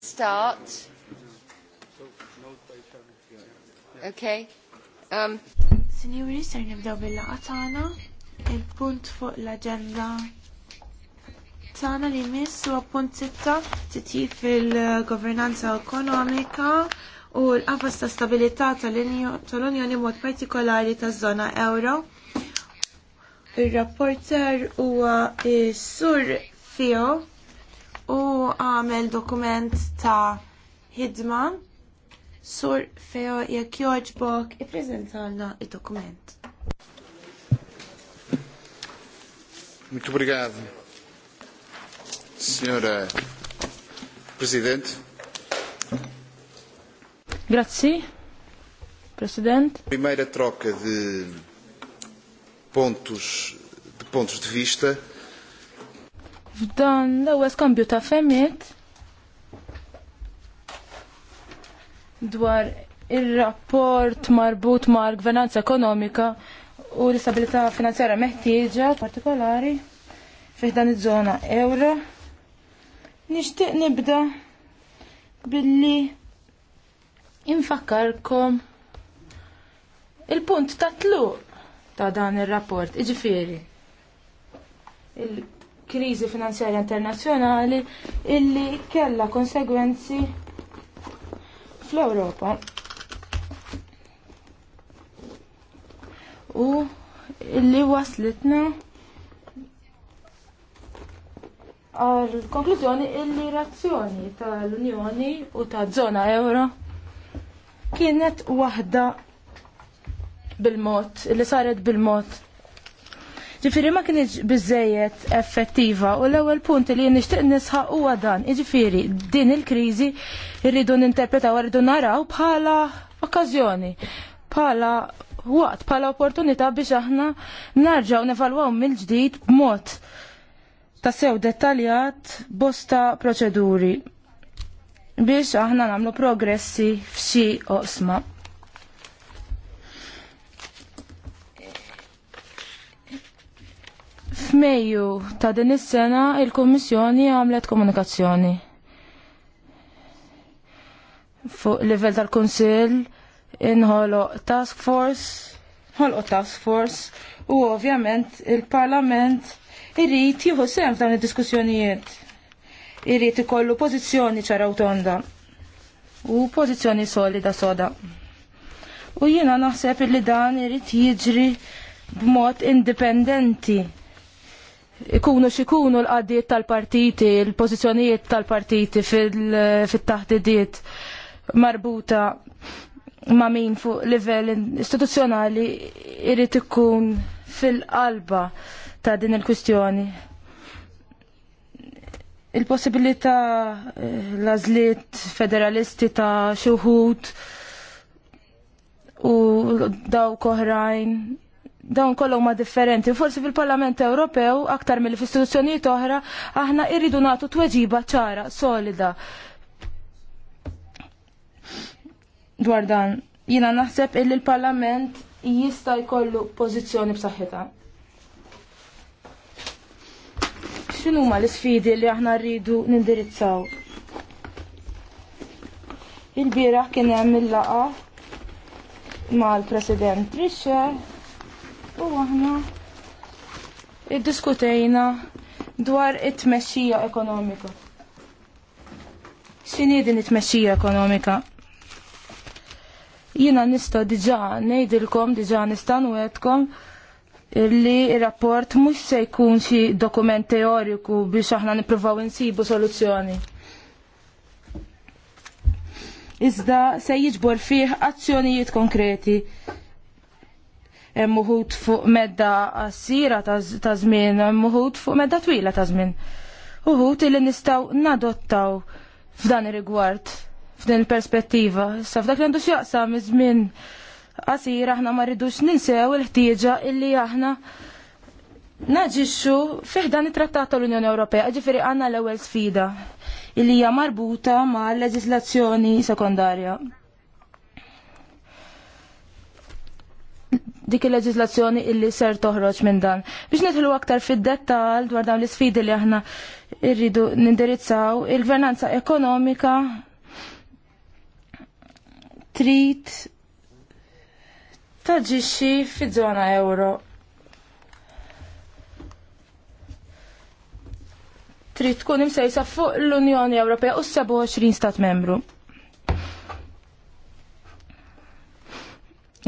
start. Okay. Um. Signori, ser nibdaw bil-laqa tagħna. Il-punt fuq l-aġenda tagħna li miss huwa punt sitta titjib fil-governanza ekonomika u l-qafas ta' stabilità tal-Unjoni mod partikolari taż-żona euro. Ir-rapporter huwa is-sur eh, Fio u għamel dokument ta' hidma sur feo jek joġbok i prezentalna id-dokument. Muito brigad, signora Presidente. Grazie, Presidente. Primeira troca de pontos de, pontos de vista F'dan l-ewwel skambju ta' femiet dwar ir-rapport marbut mal gvernanza ekonomika u l-istabilità finanzjarja meħtieġa partikolari fih dan iż-żona euro. Nixtieq nibda billi infakkarkom il-punt ta' tluq ta' dan ir-rapport, iġifieri kriżi finanzjarja internazzjonali illi kellha konsegwenzi fl-Ewropa. U illi waslitna għal konklużjoni illi razzjoni tal-Unjoni u ta' zona euro kienet waħda bil-mod, illi saret bil-mod Ġifiri ma kienx biżejjed effettiva u l-ewwel punt li nixtieq nisħaq huwa dan. Ġifiri din il-kriżi rridu ninterpretaw rridu naraw bħala okkażjoni, bħala waqt, bħala opportunità biex aħna narġaw nevalwaw mill-ġdid b'mod ta' sew dettaljat bosta proċeduri biex aħna namlu progressi f'xi oqsma. F'Mejju ta' din is-sena il-Kummissjoni għamlet komunikazzjoni fuq livell tal-Kunsill inħoloq task force, ħolqot task force u ovvjament il-Parlament irrid jieħu sehem f'dawn id-diskussjonijiet. Irrid ikollu pożizzjoni ċara u tonda u pożizzjoni solida soda. U jiena naħseb li dan irrid jiġri b'mod indipendenti ikunu xikunu l-qaddiet tal-partiti, l-pozizjonijiet tal-partiti fil-taħdidiet marbuta ma' min fuq livell istituzzjonali irrit ikun fil-qalba ta' din il-kwistjoni. il possibilita eh, l-azliet federalisti ta' xuhud u daw koħrajn dawn kollhom ma differenti. Forsi fil-Parlament Ewropew aktar mill istituzzjonijiet oħra aħna irridu nagħtu tweġiba ċara, solida. Dwar dan, jiena naħseb illi l-Parlament jista' jkollu pożizzjoni b'saħħitha. X'inhuma l-isfidi li aħna rridu nindirizzaw? Il-bieraħ kien hemm il-laqa mal-President Trisha U aħna iddiskutejna dwar it-tmexxija ekonomika. X'inhi din it-tmexxija ekonomika? Jiena nista' diġà ngħidilkom diġa' nista' nwedkom li il-rapport mux se jkun xi dokument teoriku biex aħna nippruvaw insibu soluzzjoni. Iżda se jiġbor fih azzjonijiet konkreti hemm fuq medda sira ta' żmien, muħut fuq medda twila ta' żmien. Uħud illi nistgħu nadottaw f'dan ir-rigward, f'din il-perspettiva. sa' f'dak li għandu xjaqsa mi żmien Asira aħna ma rridux ninsew il-ħtieġa illi aħna naġixxu fih dan it-Trattat tal-Unjoni Ewropea, ġifieri għandna l-ewwel sfida illi hija marbuta mal leġislazzjoni sekondarja. dik il-leġislazzjoni illi ser toħroġ minn dan. Biex nidħlu aktar fid-dettal dwar dawn l-isfidi li aħna irridu nindirizzaw, il-gvernanza ekonomika trid taġixxi fiż-żona euro. Trid tkun imsejsa fuq l-Unjoni Ewropea u 27 stat membru.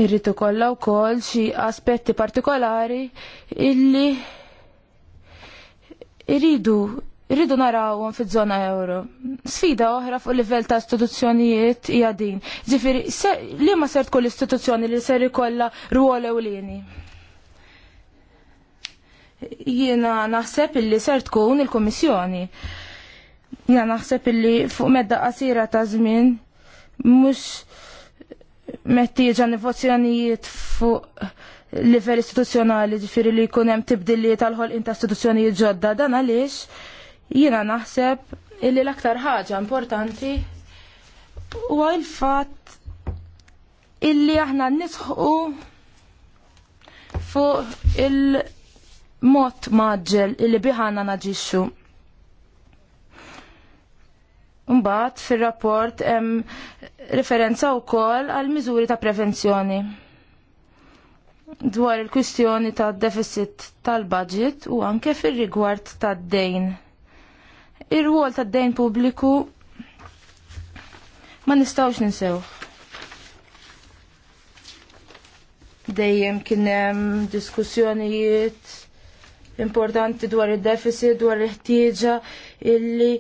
Irrid ikollha wkoll xi aspetti partikolari illi irridu irridu narawhom fiż-żona euro. Sfida oħra fuq livell ta' istituzzjonijiet hija din. Ġifieri li ma ser tkun l-istituzzjoni li ser ikollha rwol ewlieni. Jiena naħseb illi ser tkun il-Kummissjoni. Jiena naħseb illi fuq medda qasira ta' żmien mhux ġan nivozzjonijiet fuq livell istituzzjonali ġifiri li jkun hemm tibdilliet tal-ħol inta istituzzjonijiet ġodda dan għaliex jiena naħseb illi l-aktar ħaġa importanti huwa l-fatt illi aħna nisħu fuq il-mod maġġel illi biħana naġixxu. Mbagħad fir-rapport hemm referenza wkoll għal miżuri ta' prevenzjoni dwar il-kwistjoni ta' deficit tal-budget u anke fir-rigward tad-dejn. Ir-rwol tad-dejn pubbliku ma nistgħux ninsew. Dejjem kien hemm diskussjonijiet importanti dwar il-deficit, dwar il-ħtieġa illi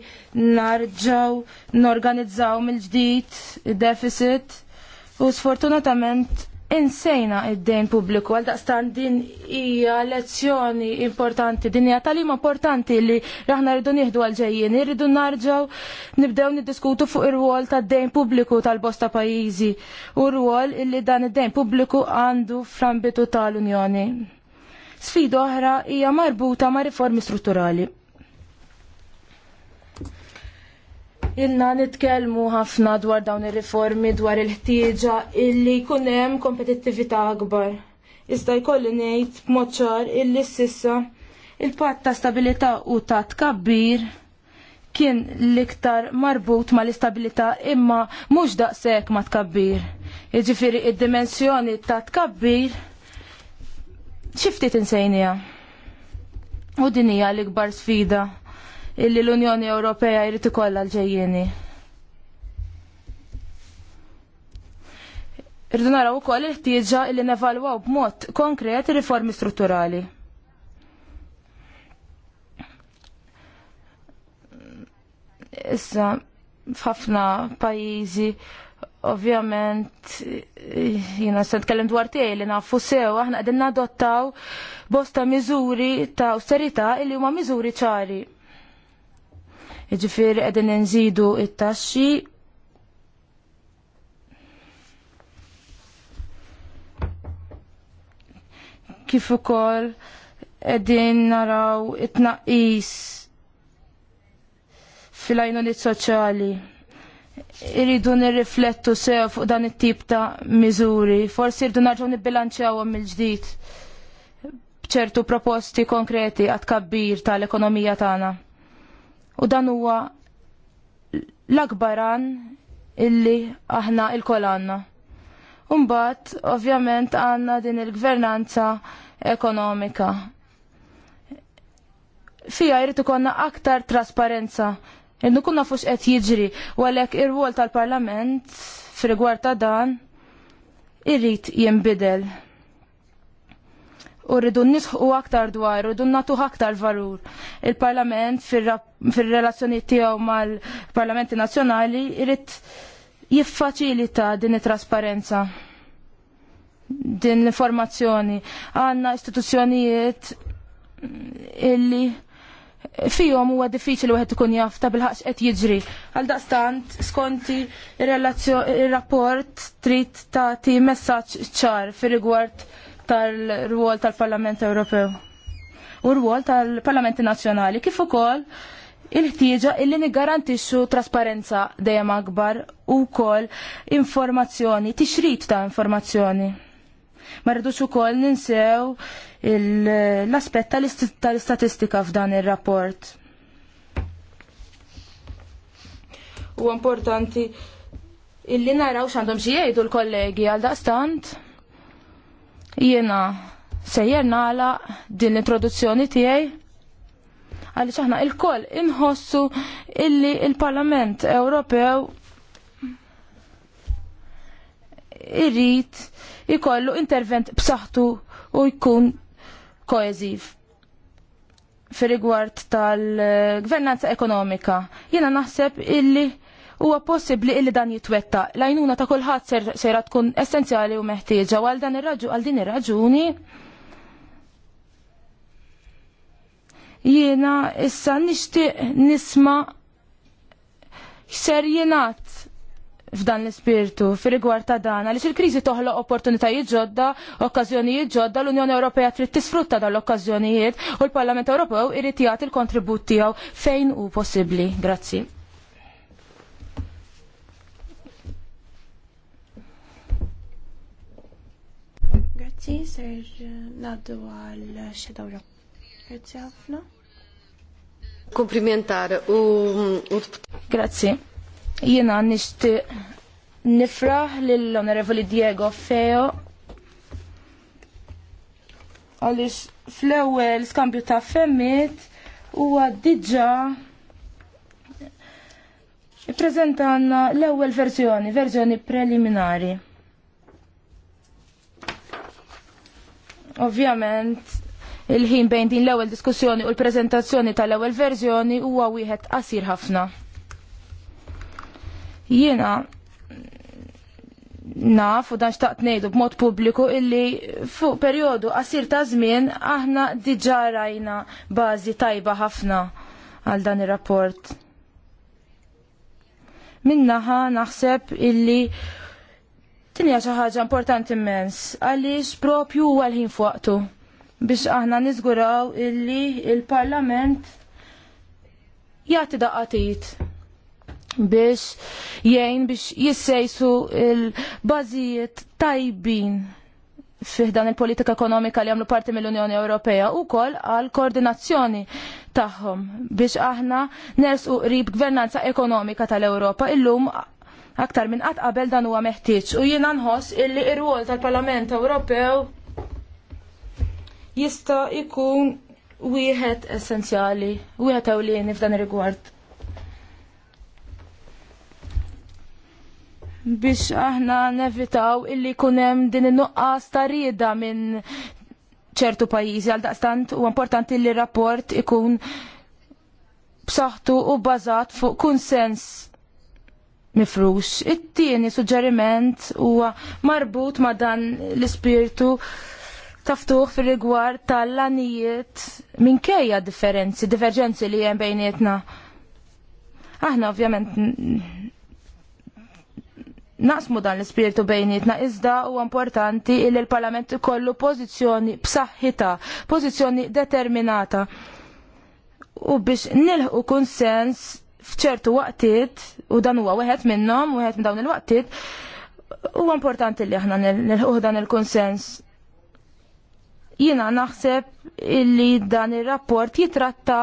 narġaw, norganizzaw mill-ġdid il-deficit u sfortunatament insejna id-dejn pubbliku għal daqstan din hija lezzjoni importanti, din hija talim importanti li raħna rridu nieħdu għal ġejjin, irridu narġaw nibdew niddiskutu fuq ir-rwol tad-dejn pubbliku tal-bosta pajjiżi u r-rwol illi dan id-dejn pubbliku għandu fl-ambitu tal-Unjoni. Sfida oħra hija marbuta ma' riformi strutturali. Ilna nitkellmu ħafna dwar dawn ir-riformi dwar il-ħtieġa illi jkun hemm kompetittività akbar. Iżda jkolli ngħid b'mod ċar illi s'issa il-patt ta' stabilità u ta' tkabbir kien l-iktar marbut ma l-istabilità imma mhux daqshekk ma tkabbir. Jiġifieri id-dimensjoni ta' tkabbir xifti tinsejnija. U din hija l-ikbar sfida illi l-Unjoni Ewropea jrid ikollha l-ġejjieni. Irdu naraw ukoll il-ħtieġa li nevalwaw b'mod konkret riformi strutturali. Issa f'ħafna pajjiżi ovvjament jina se tkellem dwar tiegħi li nafu sew aħna qegħdin nadottaw bosta miżuri ta' austerità li huma miżuri ċari. Jiġifieri qegħdin inżidu it-taxxi kif ukoll qegħdin naraw it-tnaqqis fil-għajnuniet soċjali irridu nirriflettu sew fuq dan it-tip ta' miżuri. Forsi irridu narġgħu nibbilanċjawhom mill-ġdid b'ċertu proposti konkreti għat kabbir tal-ekonomija tagħna. U dan huwa l-akbaran illi aħna il kolanna Umbat, ovvjament, għandna din il-gvernanza ekonomika. Fija jrid konna aktar trasparenza Jednu kunna fux qed jiġri u għalhekk ir-rwol tal-Parlament fir ta' dan irrit jinbidel. U rridu nisħu aktar dwar, u rridu natu aktar varur. Il-Parlament fir-relazzjoni tiegħu mal-Parlamenti Nazzjonali irrit jiffaċilita din it-trasparenza din l-informazzjoni. Għanna istituzzjonijiet illi fihom huwa diffiċli wieħed ikun jaf ta' bilħaqx qed jiġri. Għal daqstant, skonti ir-rapport trid tagħti messaġġ ċar fir-rigward tal-rwol tal-Parlament Ewropew u rwol tal-Parlamenti Nazzjonali kif ukoll il-ħtieġa illi niggarantixxu trasparenza dejjem akbar u wkoll informazzjoni, tixrid ta' informazzjoni. Ma rridux ukoll ninsew l-aspett tal-istatistika f'dan ir-rapport. U importanti illi naraw x'għandhom xi jgħidu l-kollegi għal daqstant jiena sejjer nala din l-introduzzjoni tiegħi għaliex aħna il-koll inħossu illi il-Parlament Ewropew irrit ikollu intervent b'saħħtu u jkun koeżiv fir-rigward tal-gvernanza ekonomika. Jiena naħseb illi huwa possibbli illi dan jitwetta. L-għajnuna ta' kulħadd ser, sera tkun essenzjali u meħtieġa għal dan ir-raġu għal din ir-raġuni jiena issa nixtieq nisma' ser f'dan l-ispirtu fir-rigward ta' dan għaliex il-kriżi toħloq opportunitajiet ġodda, okkażjonijiet ġodda, l-Unjoni Ewropea trid tisfrutta dan l-okkażjonijiet u l-Parlament Ewropew irid jagħti l-kontribut tiegħu fejn hu possibbli. Grazzi. Grazzi, ser naddu għal xedawra. Grazzi ħafna. Komplimentar u. Grazzi. Jiena nixtieq nifraħ lill-Onorevoli Diego Feo għaliex fl-ewwel skambju ta' femmit huwa diġà prezentan l-ewwel verżjoni, verżjoni preliminari. Ovvjament, il-ħin bejn din l-ewwel diskussjoni u l-preżentazzjoni tal-ewwel verżjoni huwa wieħed qasir ħafna. Jiena naf u dan xtaqt ngħidu b'mod pubbliku illi fuq perjodu qasir ta' żmien aħna diġà rajna bażi tajba ħafna għal dan ir-rapport. Minnaħa naħseb illi tinja xi ħaġa importanti immens għaliex propju huwa l-ħin fuqtu biex aħna niżguraw illi il-Parlament jagħti daqatit biex jgħin biex jissejsu il bazijiet tajbin fih dan il-politika ekonomika li għamlu parti mill-Unjoni Ewropea u kol għal koordinazzjoni tagħhom biex aħna u qrib gvernanza ekonomika tal-Ewropa illum aktar minn qatt qabel dan huwa meħtieġ u jiena nħoss illi ir-rwol tal-Parlament Ewropew jista' jkun wieħed essenzjali, wieħed ewlieni f'dan ir-rigward. biex aħna nevitaw illi kunem din il-nuqqas tarida minn ċertu pajjiżi għal daqstant u importanti li rapport ikun b'saħħtu u bbażat fuq kunsens mifrux. It-tieni suġġeriment huwa marbut ma' dan l-ispirtu taftuħ fir rigward tal-lanijiet minkejja differenzi, diverġenzi li hemm bejnietna. Aħna ovvjament naqsmu dan l-ispirtu bejnietna iżda u importanti il l-Parlament ikollu pożizzjoni b'saħħitha, pożizzjoni determinata. U biex nilħu konsens f'ċertu waqtiet, u dan huwa wieħed minnhom, wieħed minn dawn il-waqtiet, huwa importanti li aħna nilħu dan il-konsens. Jiena naħseb illi dan ir-rapport jitratta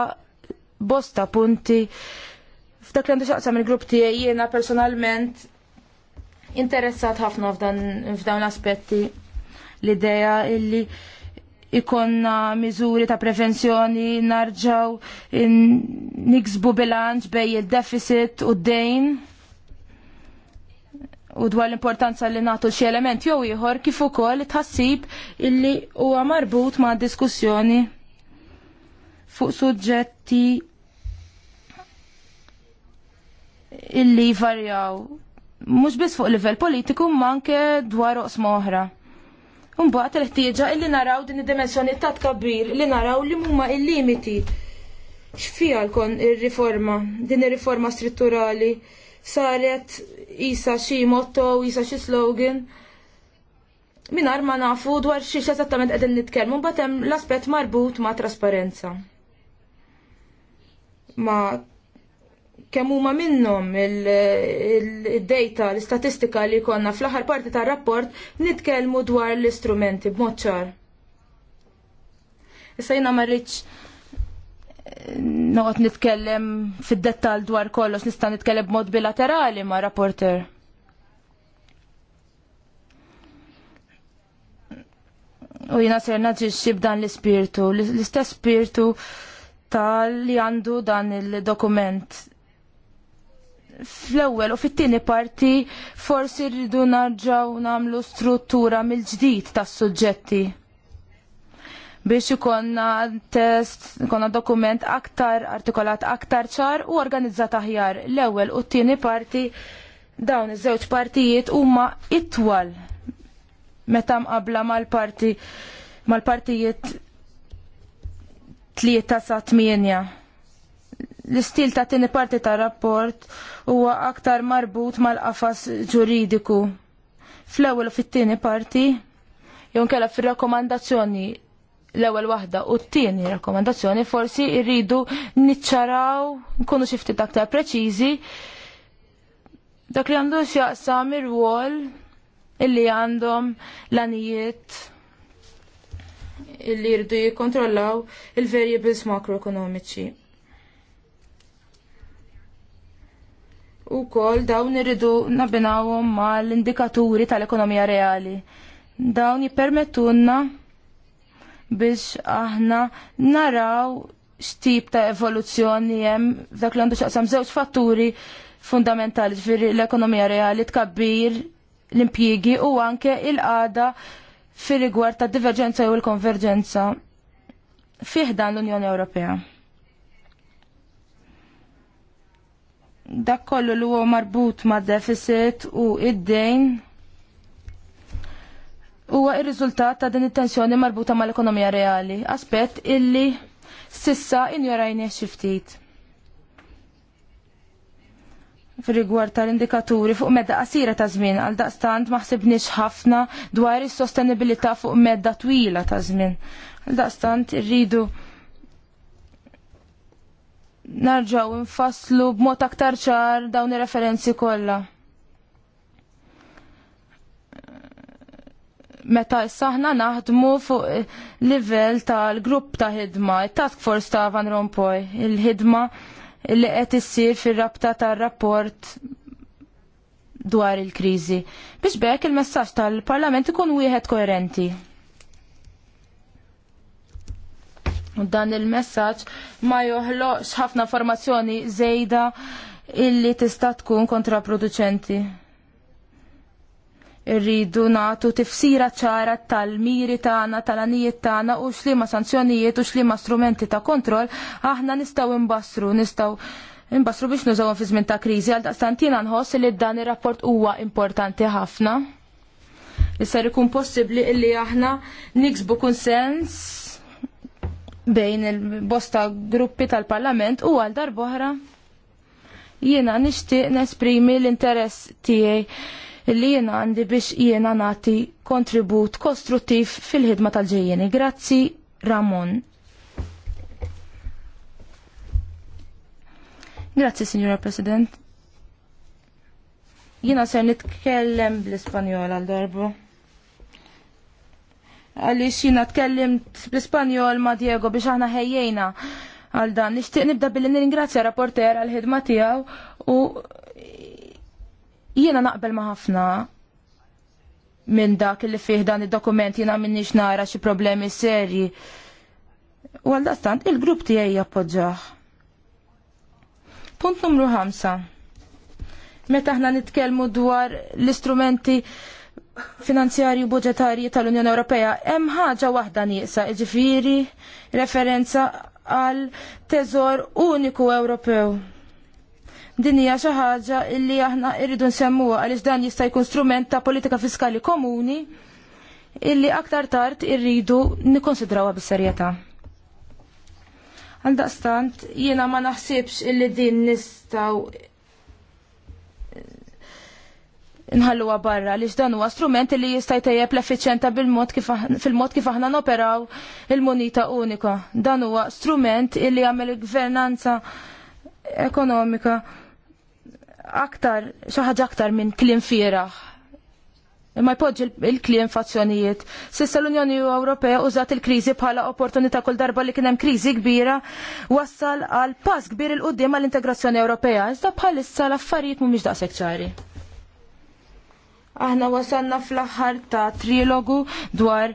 bosta punti f'dak li għandu xaqsam il-grupp tiegħi jiena personalment interessat ħafna f'dawn l-aspetti l-idea illi ikonna miżuri ta' prevenzjoni narġaw niksbu bilanċ bej il-deficit u d-dejn u dwar l-importanza li nagħtu xi element jew ieħor kif ukoll tħassib illi huwa marbut ma' diskussjoni fuq suġġetti illi varjaw mhux biss fuq livell politiku ma anke dwar oqsma moħra. Mbagħad il-ħtieġa illi naraw din id-dimensjoni ta' tkabbir li naraw li huma il-limiti. X'fiha kon ir-riforma, din ir-riforma strutturali saret jisa xi motto, jisa xi slogan minar ma nafu dwar xie xie qegħdin nitkellmu mbagħad hemm l-aspett marbut ma' trasparenza. Ma kemm huma minnhom il-data, l-istatistika li konna fl-aħħar parti tar-rapport nitkellmu dwar l-istrumenti b'mod ċar. Issa jina ma rridx eh, noqgħod nitkellem fid-dettall dwar kollox nista' nitkellem b'mod bilaterali ma' rapporter. U jiena ser naġixxi b'dan l-ispirtu, l-istess spirtu tal li għandu dan il-dokument fl-ewwel u fit-tieni parti forsi rridu narġaw nagħmlu struttura mill-ġdid tas-suġġetti biex ikonna test, ikonna dokument aktar, artikolat aktar ċar u organizzat aħjar. L-ewwel u t-tieni parti dawn iż-żewġ partijiet huma itwal meta mqabla mal-parti mal-partijiet tlieta sa tmienja l-istil ta' tini parti ta' rapport huwa aktar marbut mal-qafas ġuridiku. Fl-ewwel fit-tieni parti jew kella fir-rakkomandazzjoni l-ewwel waħda u t-tieni rakkomandazzjoni forsi rridu niċċaraw nkunu xi ftit aktar preċiżi dak li għandu x'jaqsam ir-rwol illi għandhom l-anijiet illi jridu jikkontrollaw il-variables makroekonomiċi. u kol dawn irridu nabinawhom mal-indikaturi tal-ekonomija reali. Dawn jippermettunna biex aħna naraw x'tip ta' evoluzzjoni hemm dak li għandu xaqsam żewġ fatturi fundamentali fir l-ekonomija reali tkabbir l-impjigi u anke il-qada fir rigward ta' diverġenza u l-konverġenza fiħdan l-Unjoni Ewropea. dak kollu li huwa marbut ma' deficit u id-dejn huwa ir-riżultat ta' din it-tensjoni marbuta mal-ekonomija reali, aspett illi sissa injorajni ftit. Fir-rigward tal-indikaturi fuq medda qasira ta' żmien għal daqstant ma ħsibniex ħafna dwar is-sostenibilità fuq medda twila ta' żmien. Għal daqstant irridu narġaw infasslu b'mod aktar ċar dawn ir-referenzi kollha. Meta s-saħna naħdmu fuq livell tal-grupp ta' ħidma, il-task force ta' Van Rompuy, il-ħidma li qed issir fir-rabta tar-rapport dwar il-kriżi. Biex bekk il-messaġġ tal-Parlament ikun wieħed koerenti. Dan il-messaġġ ma joħloqx ħafna formazzjoni żejda illi tista' tkun kontraproduċenti. Irridu nagħtu tifsira ċara tal-miri tagħna, tal-anijiet tagħna u x'liema sanzjonijiet u x'liema strumenti ta' kontroll aħna nistgħu imbastru, nistgħu imbastru biex nużaw fi żmien ta' kriżi għal daqstantina nħoss li dan ir-rapport huwa importanti ħafna. Li ser ikun possibbli illi aħna niksbu kunsens bejn il-bosta gruppi tal-parlament u għal boħra jiena nixtieq nesprimi l-interess tiegħi li jiena għandi biex jiena nagħti kontribut kostruttiv fil-ħidma tal-ġejjeni. Grazzi, Ramon. Grazzi, Signora President. Jiena ser nitkellem bl-Ispanjol għal darbo għaliex jiena tkellimt bl-Ispanjol ma' Diego biex aħna ħejjena għal dan. Nixtieq nibda billi nirringrazzja rapporter għal ħidma tiegħu u jiena naqbel ma' ħafna minn dak li fih dan id-dokument jiena minnix nara xi problemi serji. U għal dastant il-grupp tiegħi jappoġġah. Punt numru 5. Meta aħna nitkellmu dwar l-istrumenti finanzjarju budġetarji tal-Unjoni Ewropea hemm ħaġa waħda nieqsa, jiġifieri referenza għal teżor uniku Ewropew. Din hija xi ħaġa li aħna rridu nsemmuha għaliex dan jista' jkun strument ta' politika fiskali komuni illi aktar tard irridu nikkonsidrawha bis-serjetà. Għaldaqstant, jiena ma naħsibx illi din nistgħu nħalluha barra li dan huwa strument li jista' jtejjeb l-effiċjenta bil-mod kif fil-mod kif aħna noperaw il-munita unika. Dan huwa strument li jagħmel il-gvernanza ekonomika aktar xi ħaġa aktar minn kliem fieraħ. Ma jpoġġi il-kliem fazzjonijiet. Sissa l-Unjoni Ewropea użat il-kriżi bħala opportunità kull darba li kien hemm kriżi kbira wassal għal pass kbir il-qudiem għall-integrazzjoni Ewropea. Iżda bħalissa l-affarijiet mhumiex daqshekk ċari. Aħna wasanna fl-aħħar ta' trilogu dwar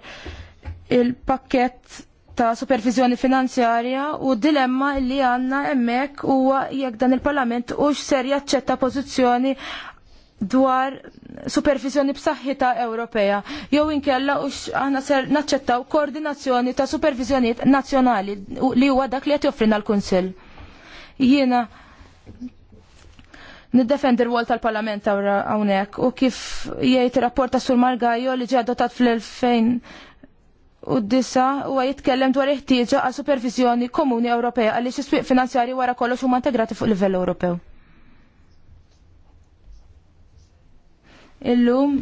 il-pakket ta' supervizjoni finanzjarja u dilemma li għanna emmek huwa jekk dan il-Parlament u ser jaċċetta pożizzjoni dwar supervizjoni b'saħħita Ewropea. Jew inkella u aħna ser naċċettaw koordinazzjoni ta' supervizjonijiet nazzjonali li huwa dak li qed joffrina l-Kunsill. Jiena niddefendi r-wol tal-Parlament hawnhekk u kif jgħid ir-rapport ta' Sur Margajo li ġie adottat fl-2000 u d-disa u jitkellem dwar iħtieġa għal supervizjoni komuni Ewropea għaliex is-swieq finanzjari wara kollox huma integrati fuq livell Ewropew. Illum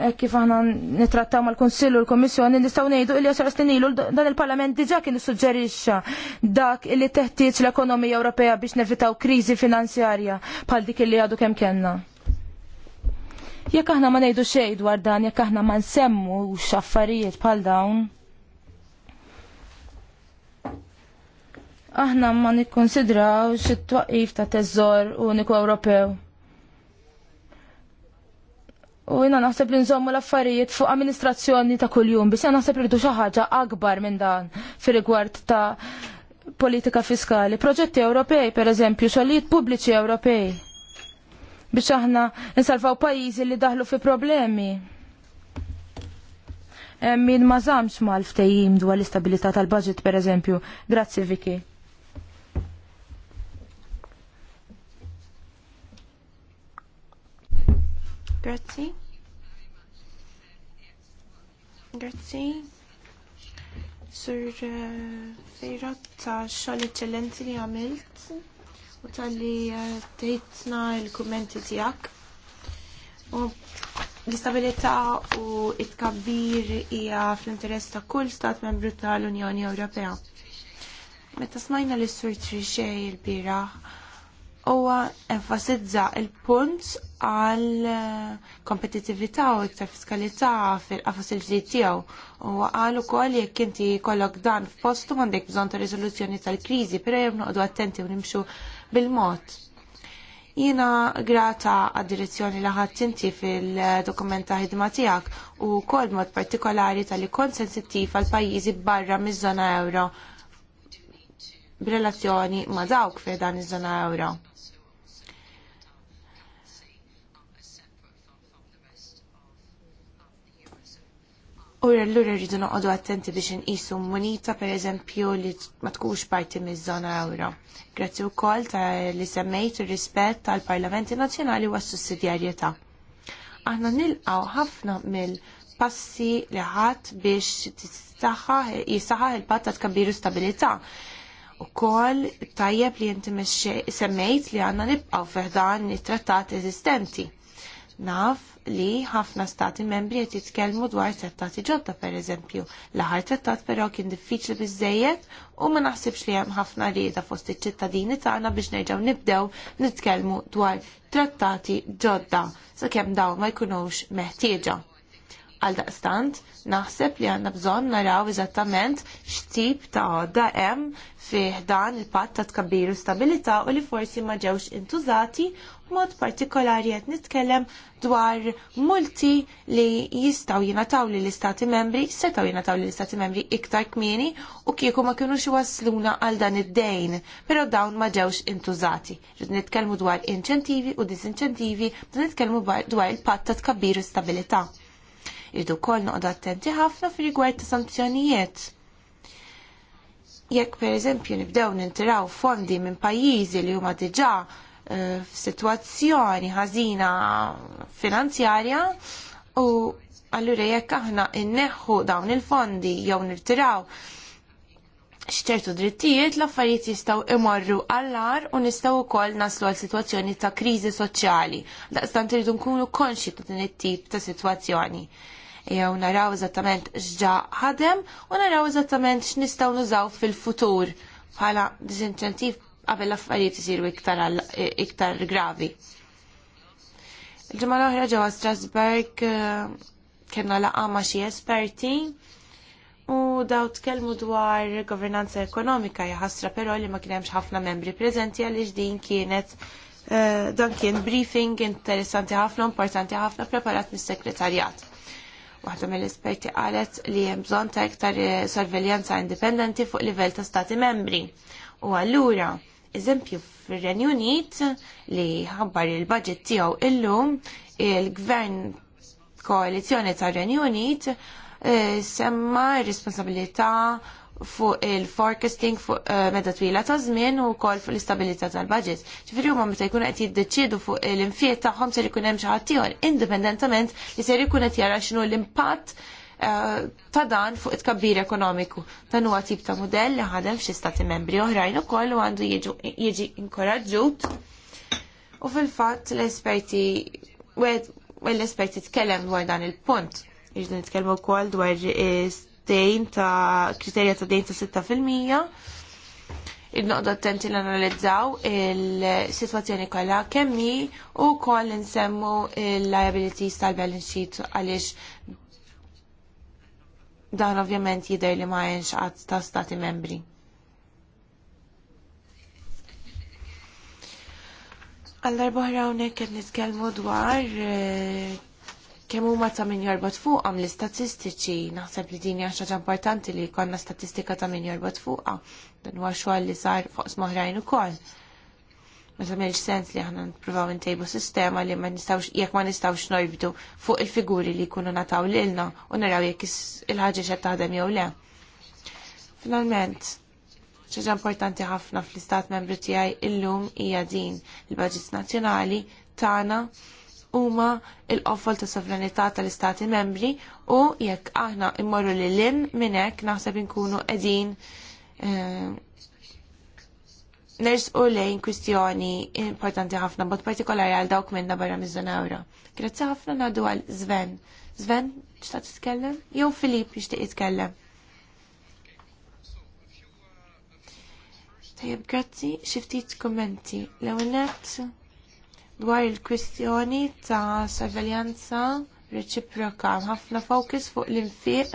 Eh, kif aħna nitrattaw mal-Konsillu u l-Kommissjoni nistgħu ngħidu li għaxar snin ilu dan il-Parlament diġà kien issuġġerixxa dak li teħtieġ l-ekonomija Ewropea biex nevitaw kriżi finanzjarja bħal dik illi għadu kemm kellna. Jekk aħna ma ngħidu xejn dwar dan, jekk aħna ma nsemmu x'affarijiet bħal dawn. Aħna ma nikkonsidrawx it-twaqif ta' teżor uniku Ewropew U jina naħseb li nżommu l-affarijiet fuq amministrazzjoni ta' kuljum, biex jina naħseb li rridu xi ħaġa akbar minn dan fir-rigward ta' politika fiskali. Proġetti Ewropej, per eżempju, xogħlijiet pubbliċi Ewropej biex aħna nsalvaw pajjiżi li daħlu fi problemi. Min ma żamx mal ftejim dwar l-istabilità tal-budget, per eżempju. Grazzi, Viki. Grazzi. Grazzi. Sur fejra eh, ta' xogħol eċċellenti li għamilt u tal-li eh, tgħidna l-kummenti tiegħek. U l-istabilità u t tkabbir hija fl-interess ta' kull stat membru tal-Unjoni Ewropea. Meta smajna l-sur Trixej il-biraħ, huwa enfasizza il-punt għal eh, kompetitività u iktar fiskalità fil-qafas il-ġdid tiegħu. Huwa qal ukoll jekk inti jkollok dan f'postu m'għandek bżonn ta' riżoluzzjoni tal-kriżi, però jem noqogħdu attenti u nimxu bil-mod. Jiena grata għad-direzzjoni li ħadd inti fil-dokumenta ħidma tiegħek u wkoll mod partikolari tal-li kont sensittiv għal pajjiżi barra miż-żona euro b'relazzjoni ma' dawk fi dan iż-żona euro U l-lura rridu noqogħdu attenti biex inqisu munita pereżempju li ma tkunx parti miż-żona euro. Grazzi wkoll ta' li semmejt ir-rispett tal-Parlamenti Nazzjonali u s-sussidjarjetà. Aħna nilqgħu ħafna mill passi li ħadd biex jistaħħaħ il-patt ta' tkabbiru stabilità u kol tajjeb li jinti semmejt li għanna nibqaw feħdan it-trattat eżistenti naf li ħafna stati membri qed jitkellmu dwar trattati ġodda pereżempju. L-aħħar trattat però kien diffiċli biżejjed u ma naħsibx li hemm ħafna rieda fost iċ-ċittadini tagħna biex nerġgħu nibdew nitkellmu dwar trattati ġodda sakemm dawn ma jkunux meħtieġa. Għal daqstant, naħseb li għanna bżon naraw eżattament x'tip ta' għodda hemm fih dan il-patt ta' tkabbiru stabilita u li forsi ma ġewx intużati mod partikolari qed nitkellem dwar multi li jistgħu jingħataw lill istati membri, setgħu jingħataw l istati membri iktar kmieni u kieku ma kienux wasluna għal dan id-dejn, però dawn ma ġewx intużati. Rid nitkellmu dwar inċentivi u disinċentivi, nitkellmu dwar il-patt ta' tkabbir u irdu wkoll noqgħod attenti ħafna fir-rigward ta' sanzjonijiet. Jekk pereżempju nibdew nintiraw fondi minn pajjiżi li huma diġà eh, f'sitwazzjoni ħażina finanzjarja u allura jekk aħna inneħħu dawn il-fondi jew nirtiraw xċertu drittijiet l-affarijiet jistgħu imorru għallar u nistgħu wkoll naslu għal sitwazzjoni ta' kriżi soċjali. Daqstant irridu nkunu konxi ta' din it-tip ta' sitwazzjoni jew naraw eżattament x'ġa ħadem u naraw eżattament x'nistgħu nużaw fil-futur bħala disinċentiv qabel l-affarijiet isiru iktar, iktar gravi. Il-ġimgħa l-oħra ġewwa Strasburg eh, kellna laqgħa ma' xi esperti u daw tkellmu dwar governanza ekonomika jaħasra però li ma kien hemmx ħafna membri preżenti għaliex din kienet eh, dan kien briefing interessanti ħafna, importanti ħafna, preparat mis sekretarjat Waħda mill-esperti qalet li hemm bżonn ta' iktar eh, sorveljanza indipendenti fuq livell ta' stati membri. U allura, eżempju fir-Renju Unit li ħabbar il-budget tiegħu illum il-gvern koalizjoni tar Renju Unit eh, semma r-responsabilità fuq il-forecasting fuq eh, meta twila ta' żmien u wkoll fuq l-istabilità tal-budget. Ġifieri huma meta jkunu qed jiddeċiedu fuq l-infiet tagħhom se jkun hemm xi ħadd ieħor indipendentament li ser ikun qed jara x'inhu l-impatt eh, ta' dan fuq it-kabbir ekonomiku. Dan huwa tip ta' mudell li ħadem xi stati membri oħrajn ukoll u għandu jiġi inkoraġġut. U fil-fatt l-esperti u l-esperti tkellem dwar dan il-punt. Iġdu nitkellmu wkoll dwar dejn ta' kriterja ta' dejn ta' 6%. il noqda attenti l-analizzaw il-situazzjoni kolla kemmi u koll nsemmu il-liabilities tal-balance sheet għalix dan ovvjament jider li ma' għad ta' stati membri. Għallar boħra unek kien dwar eh, kemm huma ta' min jorbot fuqhom l-istatistiċi, naħseb li din hija xaġa importanti li jkollna statistika ta' min jorbot fuqha. Dan huwa xogħol li sar fuq smoħrajn ukoll. Ma tagħmilx sens li aħna nippruvaw intejbu sistema li ma nistgħux jekk ma nistgħux norbdu fuq il-figuri li jkunu nataw lilna u naraw jekk il-ħaġa xed taħdem jew le. Finalment, ċaġa importanti ħafna fl-istat membru tiegħi illum hija din il-budgets nazzjonali tagħna huma il-qofol ta' sovranità tal-Istati membri u jekk aħna immorru li lim minn hekk naħseb inkunu qegħdin eh, nersqu lejn kwistjoni importanti ħafna bot partikolari għal dawk minna barra miż ewra. Grazzi ħafna ngħadu għal Zven. Sven, t-tkellem? Jew Filip jixtieq jitkellem? Tajjeb, grazzi, xi ftit kummenti. L-ewwel dwar il-kwistjoni ta' sorveljanza reċiproka ħafna fokus fuq l-infiq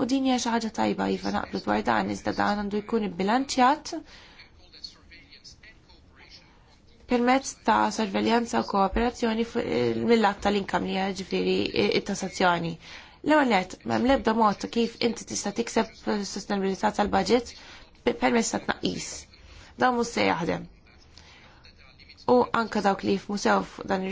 u din hija xi ħaġa tajba iva naqblu dwar dan iżda dan għandu jkun ibbilanċjat permezz ta' sorveljanza u kooperazzjoni mill-att tal-inkam li ġifieri it-tassazzjoni. L-ewwel nett m'hemm l-ebda mod kif inti tista' tikseb sostenibilità tal-budget permezz ta' tnaqqis. Dan mhux se jaħdem u anka dawk li f sew f'dan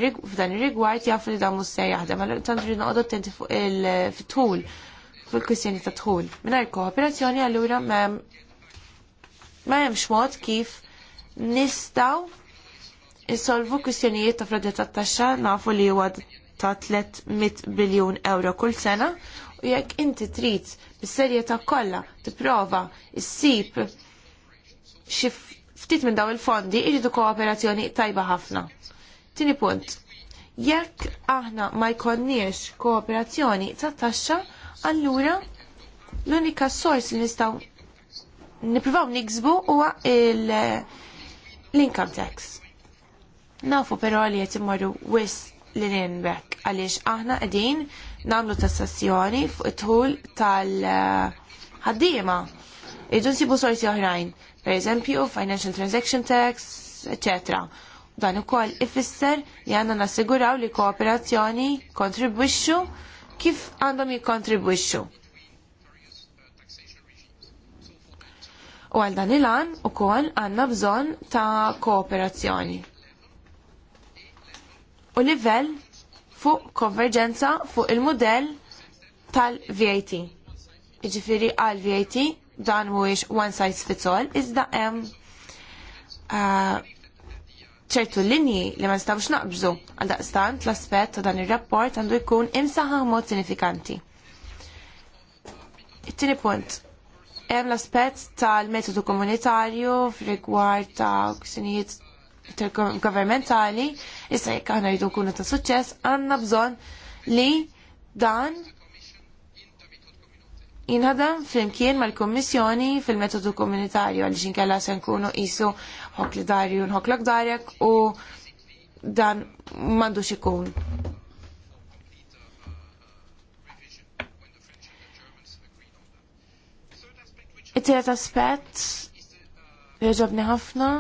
ir-rigward jafu li dawn mhux jahdem. jaħdem, tant li noqgħod attenti fuq il-fit-tħul, eh, f kwistjoni ta' tħul. Mingħajr kooperazzjoni allura ma jem mod kif nistaw insolvu kwistjonijiet ta' frodi ta' taxxa nafu li huwa ta' 300 biljun euro kull sena u jekk inti trid bis-serjetà kollha tipprova issib xi ftit minn daw il-fondi irridu kooperazzjoni tajba ħafna. Tini punt, jekk aħna ma jkonniex kooperazzjoni ta' taxxa, allura l-unika sors li nistaw niprivaw niksbu huwa l-income tax. Nafu però li qed immorru wis li ninbek għaliex aħna qegħdin nagħmlu tassazzjoni fuq it tul tal-ħaddiema. iġun sibu sorsi oħrajn per eżempju Financial Transaction Tax, etc. Dan ukoll ifisser li għandna nassiguraw li kooperazzjoni kontribwixxu kif għandhom jikkontribwixxu. U għal dan il-għan u kol għanna bżon ta' kooperazzjoni. U livell fuq konverġenza fuq il-modell tal-VAT. Iġifiri għal VAT dan mhuwiex one size fits all, iżda hemm uh, ċertu linji li ma nistgħux naqbżu għal daqstant l-aspett ta' dan ir-rapport għandu jkun imsaħħa mod sinifikanti. It-tieni punt. Hemm l-aspett tal-metodu komunitarju f'rigward ta' ksinijiet intergovernmentali, issa jekk aħna rridu nkunu ta' suċċess, għandna bżonn li dan jinħadam flimkien mal-Kommissjoni fil-metodu komunitarju għal xinkella se nkunu isu hok li darju nħok l darjek u dan mandu xikun. It-tiret aspett, jħġobni ħafna,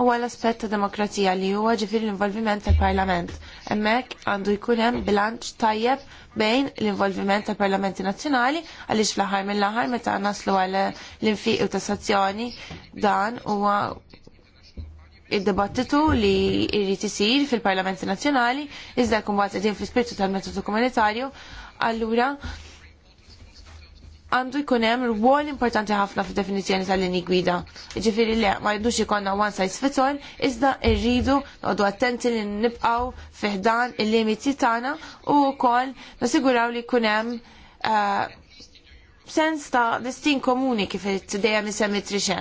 u għal aspett ta' demokrazija li huwa ġifir l-involviment tal-Parlament. Hemmhekk għandu jkun hemm bilanċ tajjeb bejn l-involviment tal-Parlamenti Nazzjonali għaliex fl-aħħar mill-aħħar meta naslu għal l-infiq u tassazzjoni dan huwa id-dibattitu li jrid isir fil-Parlamenti Nazzjonali iżda jkun waqt qegħdin fl-ispirtu tal-metodu komunitarju allura għandu jkun hemm rwol importanti ħafna f'definizzjoni tal-linji gwida. Ġifieri le ma jdux ikonna one size fits all, iżda rridu noqogħdu attenti li nibqgħu fiħdan il-limiti tagħna u wkoll nasiguraw li jkun hemm eh, sens ta' destin komuni kif dejjem isemmi trixe.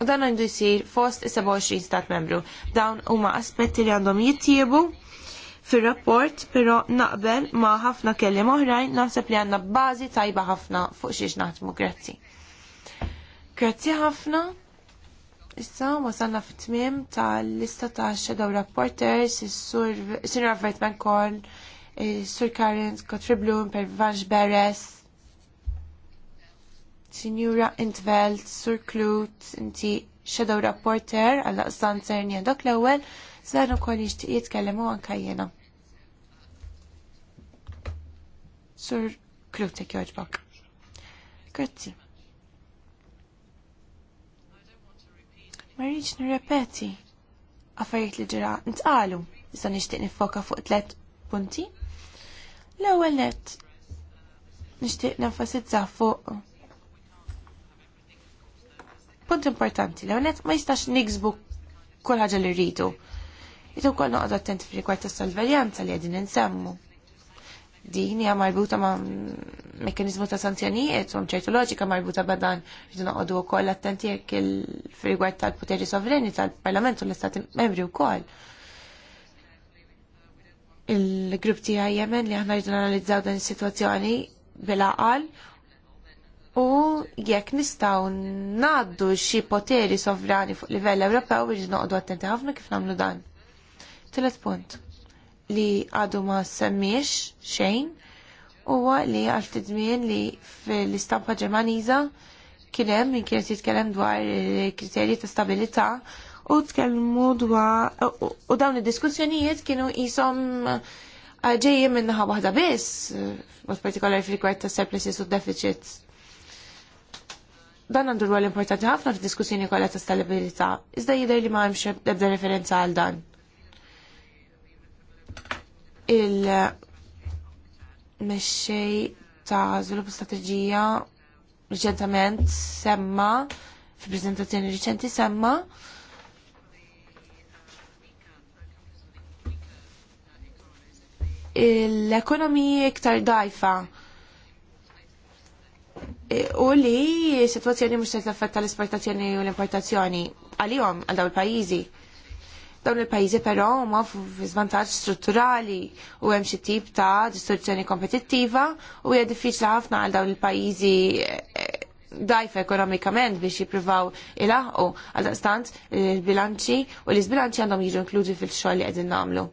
U dan għandu jsir fost is-27 stat membru. Dawn huma aspetti li għandhom jittiebu fil rapport però naqbel ma' ħafna kelli oħrajn naħseb li għandna bażi tajba ħafna fuq xiex naħdmu. Grazzi. Grazzi ħafna. Issa wasalna fit-tmiem tal-lista ta' Shadow Rapporters, is-Sur Vertman Kol, is-Sur Karen Kotri Bloom, Pervanj Beres, Signora Intveld, Sur Klut, inti Shadow Rapporter, għalla stanzerni għadok l-ewel, zanu kol jishtiq jitkellem u anka Sur Klute Kjoġbak. Grazzi. rridx nirrepeti affarijiet li ġira ntqalu, iżda nixtieq nifoka fuq tliet punti. L-ewwel nett nixtieq nenfasizza fuq punt importanti li għonet ma jistax niksbu kull ħaġa li rridu. Jitu kol noqgħod attenti fil rigward tas-salverjanza li qegħdin insemmu din hija marbuta ma' mekkaniżmu ta' sanzjonijiet u mċertu loġika marbuta badan ridu rridu noqogħdu wkoll attenti jekk il-rigward tal-poteri sovreni tal-Parlament u l-Istati Membri wkoll. Il-grupp tiegħi Yemen li aħna rridu analizzaw dan is-sitwazzjoni bil-aqal u jekk nistgħu ngħaddu xi poteri sovrani fuq livell Ewropew irridu noqogħdu attenti ħafna kif nagħmlu dan. Tilet punt li għadu ma semmiex xejn huwa li għal tidmien li fl-istampa ġermaniża kien hemm min kienet jitkellem dwar kriterji ta' stabilità u tkellmu dwar u dawn id-diskussjonijiet kienu jisom ġejjin minnaħa waħda biss, mod partikolari fil-kwet ta' surpluses u deficits. Dan għandu rwol importanti ħafna fil diskussjoni kollha ta' stabilità, iżda jidher li ma hemmx ebda referenza għal dan il-mexxej ta' żvilupp strateġija riċentament semma fi prezentazzjoni riċenti semma l ekonomija iktar dajfa e, u li situazzjoni mhux se taffetta l-esportazzjoni u l-importazzjoni għalihom għal dawn il-pajjiżi. Dawn il-pajjiżi però huma f'żvantaġġ strutturali u hemm xi tip ta' distruzzjoni kompetittiva u hija diffiċli ħafna għal dawn il-pajjiżi eh, eh, dajfa ekonomikament biex jipruvaw il Għaldaqstant għal-daqstant il-bilanċi u l-izbilanċi għandhom jiġu inkludi fil-xogħol li qegħdin nagħmlu.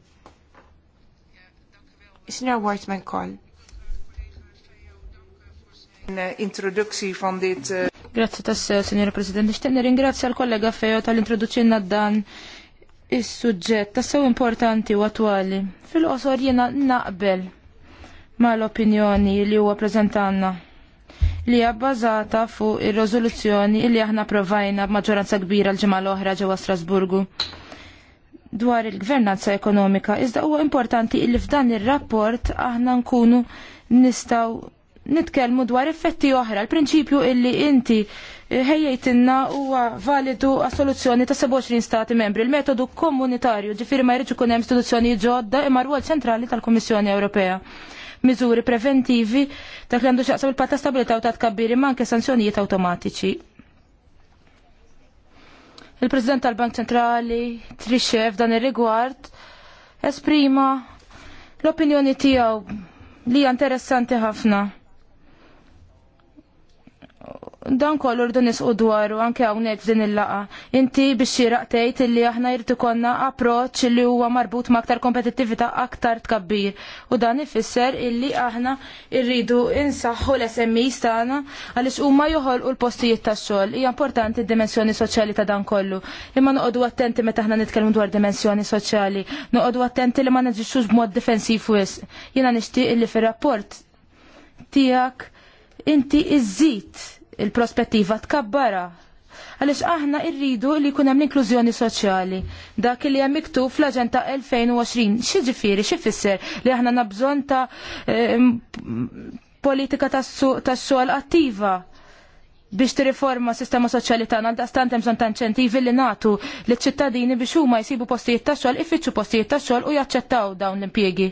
Sinjor Wortman Koll. Introduksi van dit. Grazie President. Ixtenni ringrazzja l-kollega Fejo tal-introduzzjoni dan is-suġġett tassew importanti u attwali. Fil-qosor jiena naqbel mal-opinjoni li huwa preżentanna li hija bbażata fuq ir-riżoluzzjoni li aħna provajna b'maġġoranza kbira l-ġimgħa l-oħra ġewwa Strasburgu dwar il-gvernanza ekonomika. Iżda huwa importanti li f'dan ir-rapport aħna nkunu nistgħu nitkellmu dwar effetti oħra, l-prinċipju illi inti eh, ħejjejtinna huwa validu għas soluzzjoni ta' 27 stati membri, il-metodu komunitarju ġifiri ma jridx ikun hemm istituzzjoni ġodda imma rwol ċentrali tal-Kummissjoni Ewropea. Miżuri preventivi dak li għandu xaqsam il-pat ta' stabilità u ta' tkabbiri ma anke sanzjonijiet awtomatiċi. Il-President tal-Bank Ċentrali, Trishev, dan ir-rigward, esprima l-opinjoni tiegħu li hija interessanti ħafna dan kollu rridu nisqu dwaru anke hawnhekk f'din il-laqa. Inti biex xieraq tgħid illi aħna jrid ikollna approċċ li huwa marbut ma' aktar kompetittività aktar tkabbir. U dan ifisser illi aħna rridu insaħħu l-SMEs tagħna għaliex huma joħolqu l-postijiet tax-xogħol. Hija importanti d-dimensjoni soċjali ta' dan kollu. Imma noqogħdu attenti meta aħna nitkellmu dwar dimensjoni soċjali. Noqogħdu attenti li ma naġixxux b'mod defensiv wis. Jiena nixtieq illi fir-rapport tiegħek inti iżżid il-prospettiva tkabbara. Għalix aħna irridu li kun hemm l-inklużjoni soċjali. Dak li hemm miktub fl-Aġenda 2020. Xi ġifieri, xi fisser li aħna nabżon ta' eh, politika tax xogħol attiva biex tirriforma s-sistema soċjali tagħna daqstant hemm bżonn ta' inċentivi li nagħtu liċ ċittadini biex huma jsibu postijiet tax-xogħol, ifittxu postijiet tax-xogħol u jaċċettaw dawn l-impjiegi.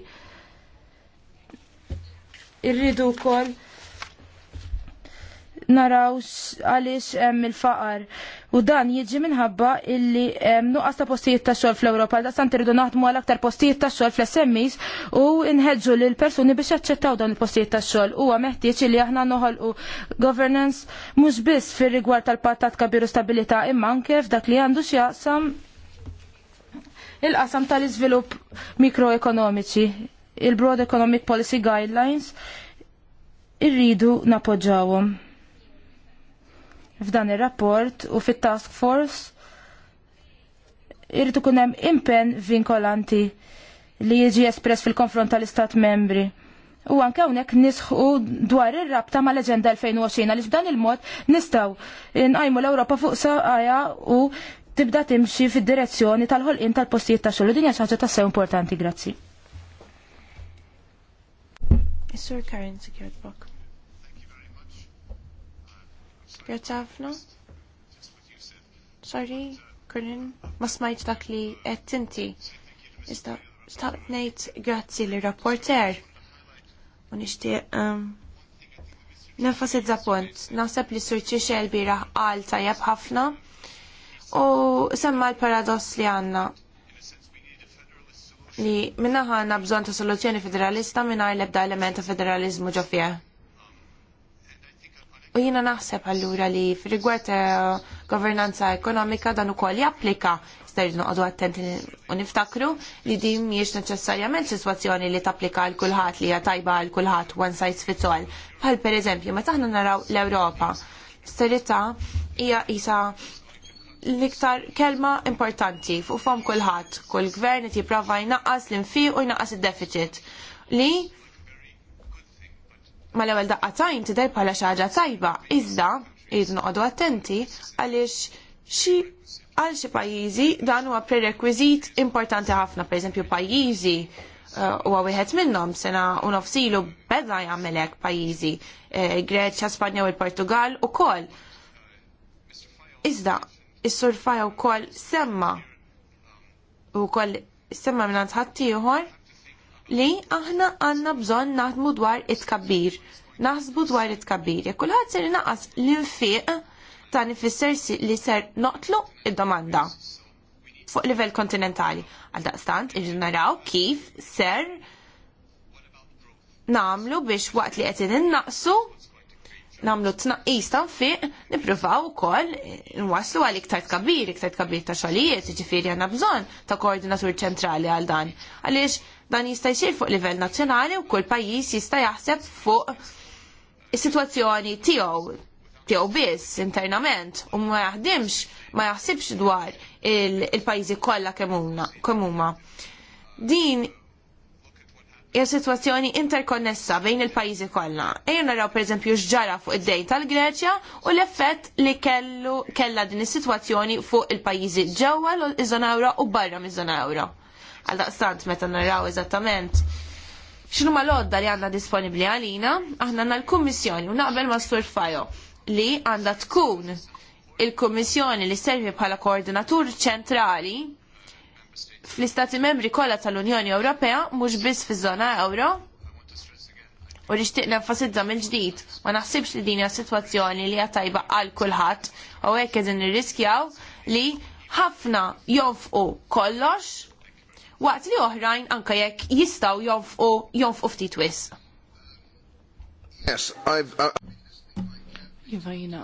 Irridu wkoll naraw għaliex hemm il-faqar. U dan jiġi minħabba illi nuqqas ta' postijiet ta' xogħol fl Da' san irridu naħdmu għal aktar postijiet ta' xogħol fl-SMEs u nħeġġu l persuni biex jaċċettaw dawn il-postijiet ta' xogħol. Huwa meħtieġ illi aħna noħolqu governance mhux biss fir-rigward tal-pattat kabiru stabilità imma kif dak li għandu x'jaqsam il-qasam tal-iżvilupp mikroekonomiċi, il-Broad Economic Policy Guidelines, irridu napoġġawhom f'dan ir-rapport u fit-task force irridu kun hemm impenn vinkolanti li jiġi espress fil-konfront tal-Istat membri. U anke hawnhekk nisħu dwar ir-rabta mal aġenda 2020 għaliex f'dan il-mod nistgħu nqajmu l-Ewropa fuq saqajja u tibda timxi fid-direzzjoni tal-ħolqien tal-postijiet ta' xogħol. Din hija xi ħaġa tassew importanti, grazzi. Is-Sur Karin Secured Block. Grazie ħafna. Sorry, Corinne, ma smajt dak li għettinti. inti. Iżda grazzi li rapporter. U nixtieq um, nenfasizza punt. Naħseb li Sur Ċixel bira għal tajjeb ħafna u semma l-paradoss li għandna li minna ħanna bżon ta' soluzzjoni federalista minna l-ebda elementa federalizmu ġo U jina naħseb allura li f'rigward eh, governanza ekonomika dan ukoll japplika stajdu noqogħdu attenti u niftakru li din mhijiex neċessarjament sitwazzjoni li tapplika għal kulħadd li hija tajba għal kulħadd one size fits all. Bħal pereżempju meta aħna naraw l-Ewropa, sterilità hija isa l-iktar kelma importanti fuq fom kulħadd, kull gvern qed jipprova jnaqqas l-infiq u jnaqqas id-deficit li mal-ewwel daqqa tajn tidher bħala xi ħaġa tajba, iżda jridu noqogħdu attenti għaliex xi għal xi pajjiżi dan huwa prerekwiżit importanti ħafna, pereżempju pajjiżi uh, huwa wieħed minnhom sena u nofsilu beda jagħmel hekk pajjiżi eh, Greċja, Spanja u l-Portugal kol. Iżda is-surfaja wkoll semma u kol semma minn ħadd ieħor li aħna għanna bżon naħdmu dwar it-kabbir. Naħsbu dwar it-kabbir. Kulħadd ser naqas l-infiq ta' nifisser li ser noqtlu id-domanda fuq livell kontinentali. Għal daqstant, naraw kif ser namlu biex waqt li qed innaqsu namlu tnaqqis ta' fiq nippruvaw ukoll nwaslu għal iktar tkabbir, iktar kabbir ta' xogħlijiet, jiġifieri għandna bżonn ta' koordinatur ċentrali għal dan. Għaliex Dan jista' jsir fuq livell nazzjonali u kull pajjiż jista' jaħseb fuq is-sitwazzjoni tiegħu tiegħu biss internament u ma jaħdimx ma jaħsibx dwar il-pajjiżi kollha kemm huma. Din hija sitwazzjoni interkonnessa bejn il-pajjiżi kollha. Ejja naraw pereżempju x'ġara fuq id-dejn tal-Greċja u l-effett li kellu kellha din is-sitwazzjoni fuq il-pajjiżi ġewwa l-iżona ewra u barra miż-żona ewra għal daqstant meta naraw eżattament xinu ma lodda li għanna disponibli għalina, aħna għanna l-Kommissjoni u naqbel ma Sur Fajo li għanna tkun il-Kommissjoni li servi bħala koordinatur ċentrali fl-Istati membri kollha tal-Unjoni Ewropea mhux biss fiż-żona euro, u nixtieq nenfasizza mill-ġdid ma naħsibx li din hija sitwazzjoni li hija tajba għal kulħadd u hekk qegħdin irriskjaw li ħafna jonfqu kollox waqt li oħrajn anke jekk jistgħu jonfqu jonfqu ftit wis. Yes, I've... uh iva, jina,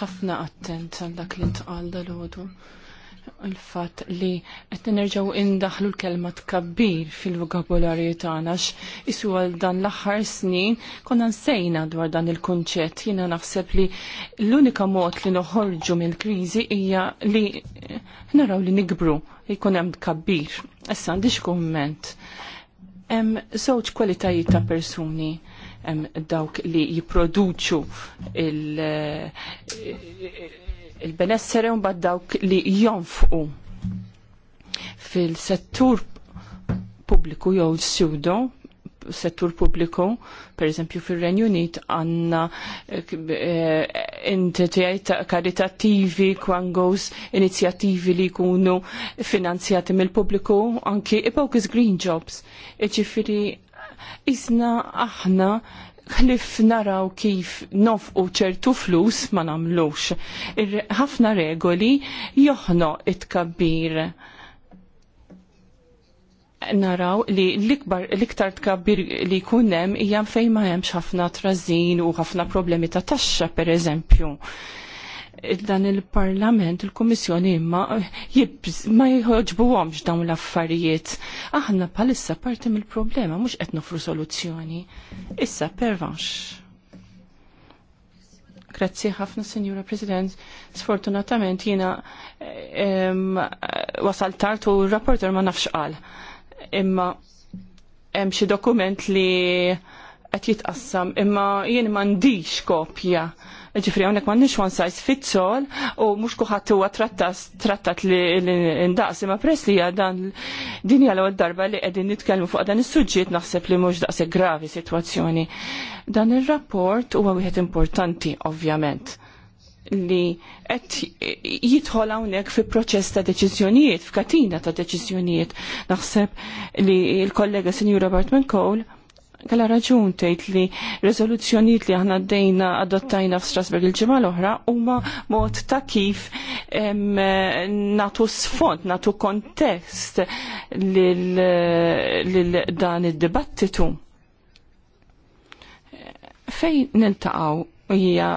ħafna attent għal dak li ntqal dal-ħodu il-fat li qed nerġgħu indaħlu l-kelma tkabbir fil-vokabularju tagħna għax isu għal dan l-aħħar snin konna nsejna dwar dan il-kunċett. Jiena naħseb li l-unika mod li noħorġu minn kriżi hija li naraw li nikbru jkun hemm tkabbir. Issa għandix kumment. Hemm żewġ kwalitajiet ta' persuni hemm dawk li jipproduċu il- il-benessere un dawk li jonfqu fil-settur pubbliku jew sudo settur pubbliku, per eżempju fil-Renju Unit għanna eh, entitajt karitativi, kwangos, inizjattivi li jkunu finanzjati mill-pubbliku, anki i Green Jobs. Ġifiri, Isna aħna ħlif naraw kif u ċertu flus ma namlux. Ħafna regoli joħno it-kabbir. Naraw li l-ikbar, l-iktar tkabbir li kunem jgħam fejma ma jgħamx ħafna trażin u ħafna problemi ta' taxxa per eżempju dan il-parlament, il-komissjoni imma ma għomx dawn l-affarijiet. Aħna palissa parti mill-problema mhux qed nofru soluzzjoni. Issa pervanx. Grazzi ħafna, Signora President. Sfortunatament jiena wasal tard u r-rapporter ma nafx qal. Imma hemm xi dokument li qed jitqassam, imma jien m'għandix kopja Ġifri, għonek ma nix one size fits all u mux kuħat huwa trattat li indaqsi ma press li dan din jgħal darba li għedin nitkellmu fuq dan is-suġġiet naħseb li mux daqsi gravi situazzjoni. Dan il-rapport huwa wieħed importanti, ovvjament li qed jidħol hawnhekk fi proċess ta' deċiżjonijiet, f'katina ta' deċiżjonijiet. Naħseb li l-kollega Sinjura Bartman Cole Kalla raġun tgħid li rezoluzzjonijiet li aħna dejna adottajna f'Strasburg il-ġimgħa l-oħra huma mod ta' kif natu sfond, natu kontest lil dan id-dibattitu. Fejn niltaqgħu hija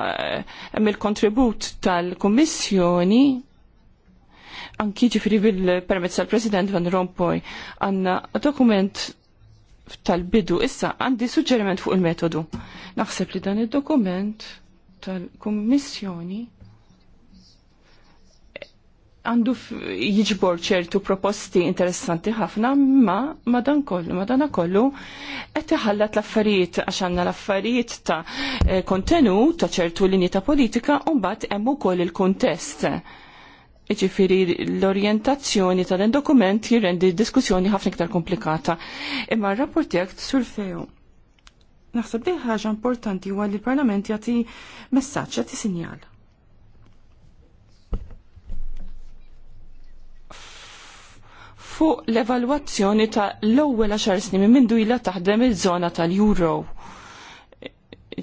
mill-kontribut tal-Kummissjoni anki ġifri bil-permezz tal-President Van Rompuy għanna dokument tal-bidu issa għandi suġġeriment fuq il-metodu. Naħseb li dan il-dokument tal-Kummissjoni għandu jiġbor ċertu proposti interessanti ħafna, ma madan kollu, madan kollu, qed iħallat l-affarijiet għax għandna l-affarijiet ta' eh, kontenut ta' ċertu linji ta' politika u mbagħad hemm ukoll il-kuntest iġifiri l-orientazzjoni tal-dokument jirrendi diskussjoni ħafna iktar komplikata. Imma r-rapport jgħak sur Naħseb li ħaġa importanti huwa li l-Parlament jagħti messaġġ, jagħti sinjal. Fuq l-evalwazzjoni ta' l-ewwel għaxar snin minn dwila taħdem iż-żona tal-Euro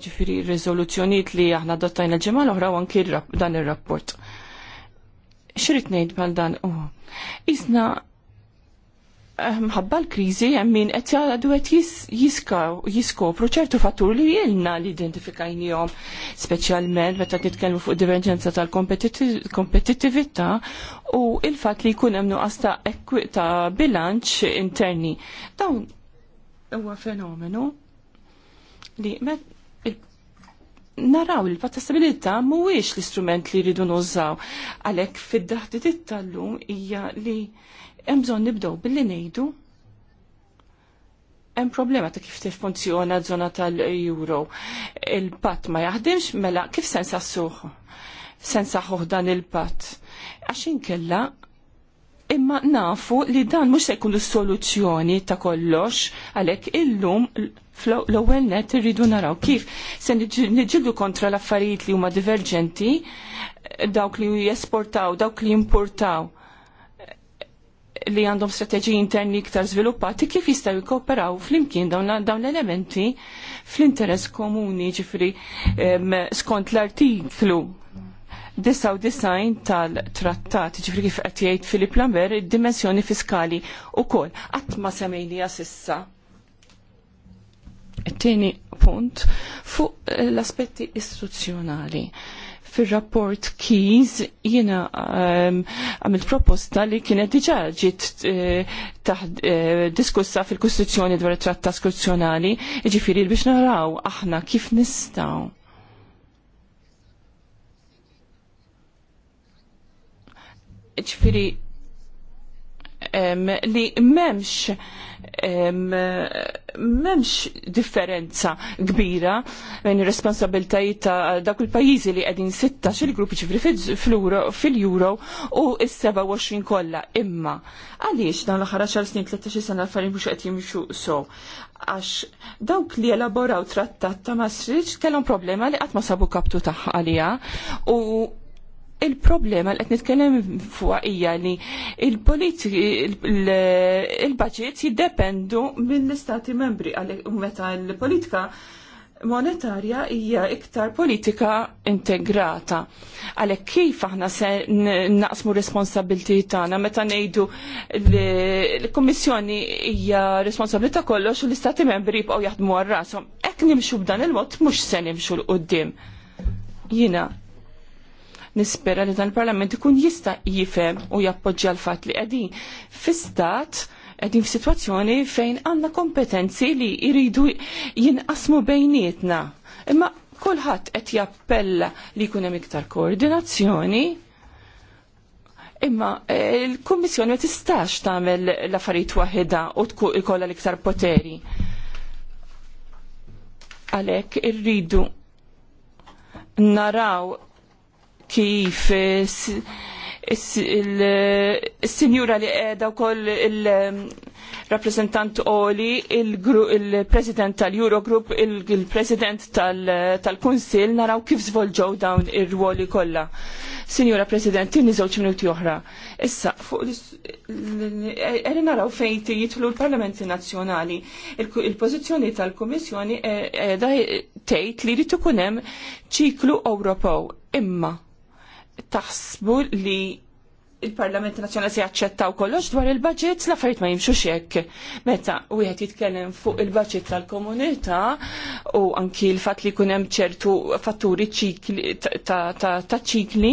ġifiri rizoluzzjoniet li aħna dottajna ġemal oħra anki dan il-rapport. Xrit ngħid bħal dan u. Isna eh, mħabba l-kriżi hemm min qed jgħidu qed jiskopru ċertu fatturi li ilna li specialment, speċjalment meta nitkellmu fuq diverġenza tal-kompetittività u il-fatt li jkun hemm nuqqas ta' ekwita bilanċ interni. Dawn huwa fenomenu li met naraw il l-patta stabilità mhuwiex l-istrument li rridu nużaw. Għalhekk fid daħti tal-lum hija li hemm bżonn nibdew billi ngħidu hemm problema ta' kif tiffunzjona żona tal-euro. Il-patt ma jaħdimx mela kif sensa suħu. sensa dan il-patt. Għax inkella imma nafu li dan mhux se jkunu s soluzzjoni ta' kollox għalhekk illum Fl-ewwel net irridu naraw kif se niġġieldu kontra l-affarijiet li huma diverġenti dawk li jesportaw, dawk li importaw li għandhom strateġiji interni iktar sviluppati kif jistaw jikoperaw fl-imkien dawn l-elementi fl-interess komuni ġifri skont l-artiklu 99 tal-trattat ġifri kif qed jgħid Filip Lambert id-dimensjoni fiskali wkoll. qatt ma semmejlija sissa Tieni punt fuq eh, l-aspetti istituzzjonali. Fir-rapport Keys jiena ehm, għamil um, proposta li kienet diġà ġiet uh, diskussa fil-Kostituzzjoni dwar it-tratt taskuzzjonali, jiġifieri biex naraw aħna kif nistgħu. Ġifieri li memx memx differenza kbira bejn ir-responsabiltajiet ta' dak il-pajjiżi li qegħdin sitta xil gruppi ċifri fil-euro u s-27 kollha. Imma għaliex dan l-aħħar 10 snin 13 sena l-affarijiet mhux qed jimxu so għax dawk li elaboraw trattat ta' Maastricht kellhom problema li qatt ma sabu kaptu tagħha għalija u il-problema li qed nitkellem fuq hija li il-budget jiddependu mill-istati membri għalhekk meta l-politika monetarja hija iktar politika integrata. Għalhekk kif aħna se naqsmu responsabilti tagħna meta ngħidu l-Kummissjoni hija ta' kollox u l-Istati membri jibqgħu jaħdmu għar rashom. Hekk nimxu b'dan il-mod mhux se nimxu l-qudiem. Jina, Nispera li dan il-Parlament ikun jista' jifhem u jappoġġja l-fatt li qegħdin fi-stat qegħdin f'sitwazzjoni fejn għandna kompetenzi li jridu jinqasmu bejnietna. Imma kulħadd qed jappella li jkun hemm iktar koordinazzjoni Imma eh, il-Kummissjoni ma tistax tagħmel l-affarijiet waħedha u ikollha l-iktar poteri. Għalhekk irridu naraw kif eh, il-sinjura eh, li qiegħda wkoll il-rappresentant eh, Oli, il-president tal-Eurogroup, il-president tal-Kunsil, naraw kif zvolġew dawn ir-ruoli kollha. Sinjura President, tinni żewġ minuti oħra. Issa, fuq qegħdin naraw fejn jitlu l-Parlamenti Nazzjonali. Il-pożizzjoni tal-Kummissjoni qiegħda tgħid li jrid ikun hemm ċiklu Ewropew. Imma taħsbu li il-Parlament Nazzjonali se jaċċettaw kollox dwar il-budget, l-affarijiet ma jimxux hekk. Meta wieħed jitkellem fuq il-budget tal-komunità u anki l-fatt li jkun hemm ċertu fatturi ċikli ta' ċikli.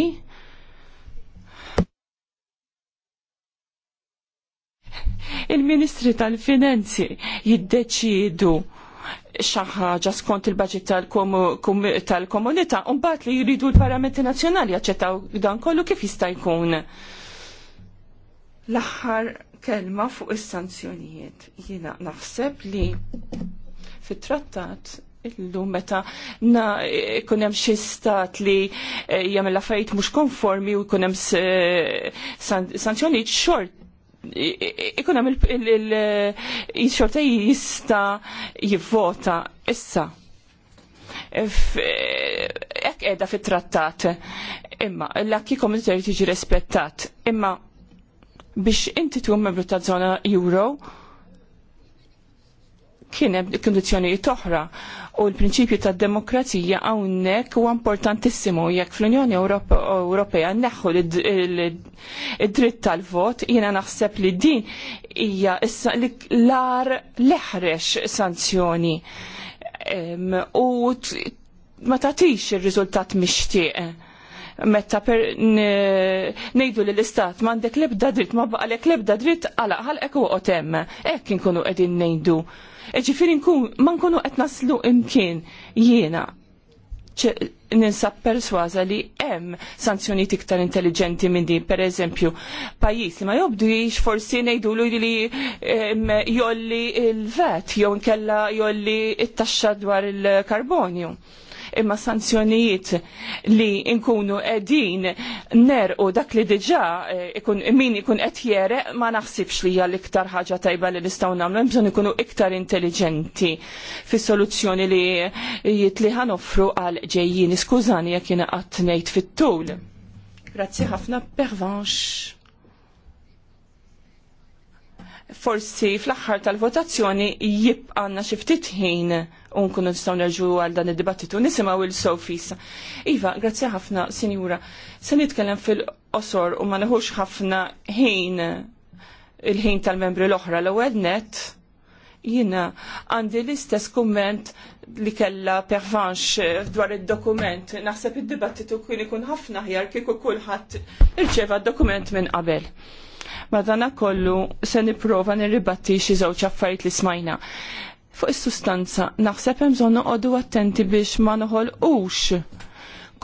Il-Ministri tal-Finanzi jiddeċidu xi skont il-baġit tal-komunità, u mbagħad li jridu l-Parlamenti Nazzjonali jaċċettaw dan kollu kif jista' jkun. L-aħħar kelma fuq is-sanzjonijiet. Jiena naħseb li fit-trattat illum meta na ikun hemm xi stat li eh, jagħmel affarijiet mhux konformi u jkun hemm eh, sanzjonijiet xort ikun il-xortej jista' jivvota issa. Ek edha fit-trattat. Imma l-akki komunitari tiġi rispettat. Imma biex inti tkun membru ta' zona euro, kien hemm kundizzjonijiet oħra u l-prinċipju tad-demokrazija hawnhekk huwa importantissimu jekk fl-Unjoni Ewropea neħħu id-dritt tal-vot jiena naħseb li din hija l-ar leħrex sanzjoni u ma tagħtix ir-riżultat mixtieq Meta per nejdu li l-istat mandek lebda dritt, ma baqalek lebda dritt, għala għal ekku hemm. Hekk nkunu edin nejdu. Eġifiri nkun, ma nkunu qed naslu imkien jiena ninsab perswaza li hemm sanzjoni iktar intelligenti minn din, per eżempju, pajjiż li ma jobdu jiex forsi ngħidulu li jolli l vet jew nkella jolli t taxxa dwar il-karbonju imma sanzjonijiet li nkunu edin u dak li diġa eh, ikun, min ikun qed jereq ma naħsibx li hija l-iktar ħaġa tajba li nistgħu nagħmlu bżonn ikunu iktar intelligenti fis-soluzzjoni li jitliħan offru għal ġejjini Skużani jekk jiena qatt fit-tul. Grazzi ħafna pervanx forsi fl-aħħar tal-votazzjoni jibqanna xi ftit ħin u nkunu nerġu għal dan id-dibattitu nisimgħu il sofis Iva, grazzi ħafna, Sinjura. Se nitkellem fil-qosor u ma neħux ħafna ħin il-ħin tal-membri l-oħra l-ewwel net jina għandi l-istess kumment li kella pervanx dwar il-dokument. Naħseb id-dibattitu kien ikun ħafna ħjar kieku kulħadd irċeva d-dokument minn qabel. Madana kollu se niprofa nirribatti xi żewġ affarijiet li smajna. Fuq is-sustanza, naħseb hemm bżonn noqogħdu attenti biex ma noħolqux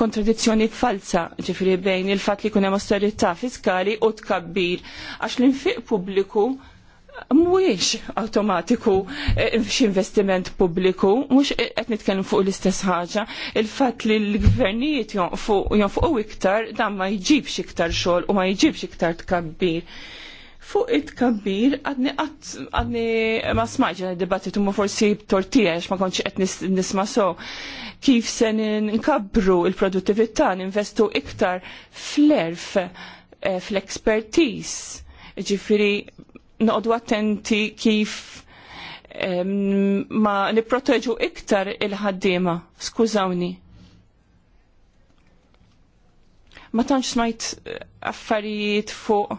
kontradizzjoni falsa ġifri bejn il fatt li kunem austerità fiskali u tkabbir għax l-infiq pubbliku mhuwiex awtomatiku eh, x'investiment pubbliku, mhux e, qed nitkellem fuq l-istess ħaġa, il-fatt li l-gvernijiet jonfuqu iktar dan ma jġibx iktar xogħol u ma jġibx iktar tkabbir. Fuq it-kabbir, għadni għadni ma smajġa dibattitu ma forsi tortijax ma konċi qed nisma so kif se nkabbru il-produttività, ninvestu iktar fl-erf, eh, fl-expertise. Ġifiri, noqdu attenti kif um, ma niproteġu iktar il-ħaddima. Skużawni. Ma tantx smajt eh, affarijiet fuq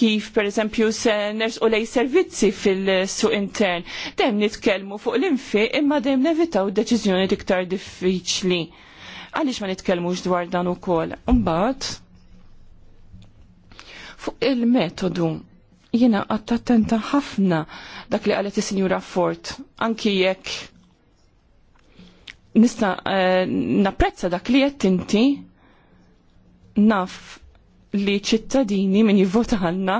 kif per eżempju se nerżqu lej servizzi fil-suq intern. Dem nitkellmu fuq l-infi imma dem nevitaw deċiżjoni iktar diffiċli. Għaliex ma nitkellmux dwar dan ukoll. Imbagħad Fuq il-metodu, jina għattattenta ħafna dak li għalet il-Sinjura Fort, anki jekk nista eh, napprezza dak li jett inti naf li ċittadini min jivvota għanna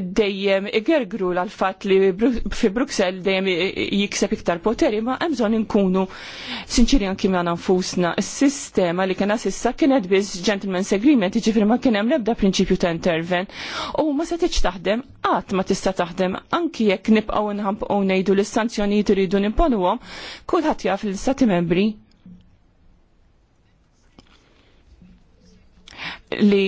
dejjem igergru l-fat li fi Bruxelles dejjem jikseb iktar poteri, ma hemm bżonn inkunu sinċiri kim għana nfusna. s sistema li kena sissa kienet biss gentleman's agreement, jiġifieri ma kien hemm l-ebda prinċipju ta' interven. U ma se tiċ taħdem, qatt ma tista' taħdem anki jekk nibqgħu nħampqu ngħidu li s-sanzjonijiet iridu nimponuhom, kulħadd jaf l-istati membri li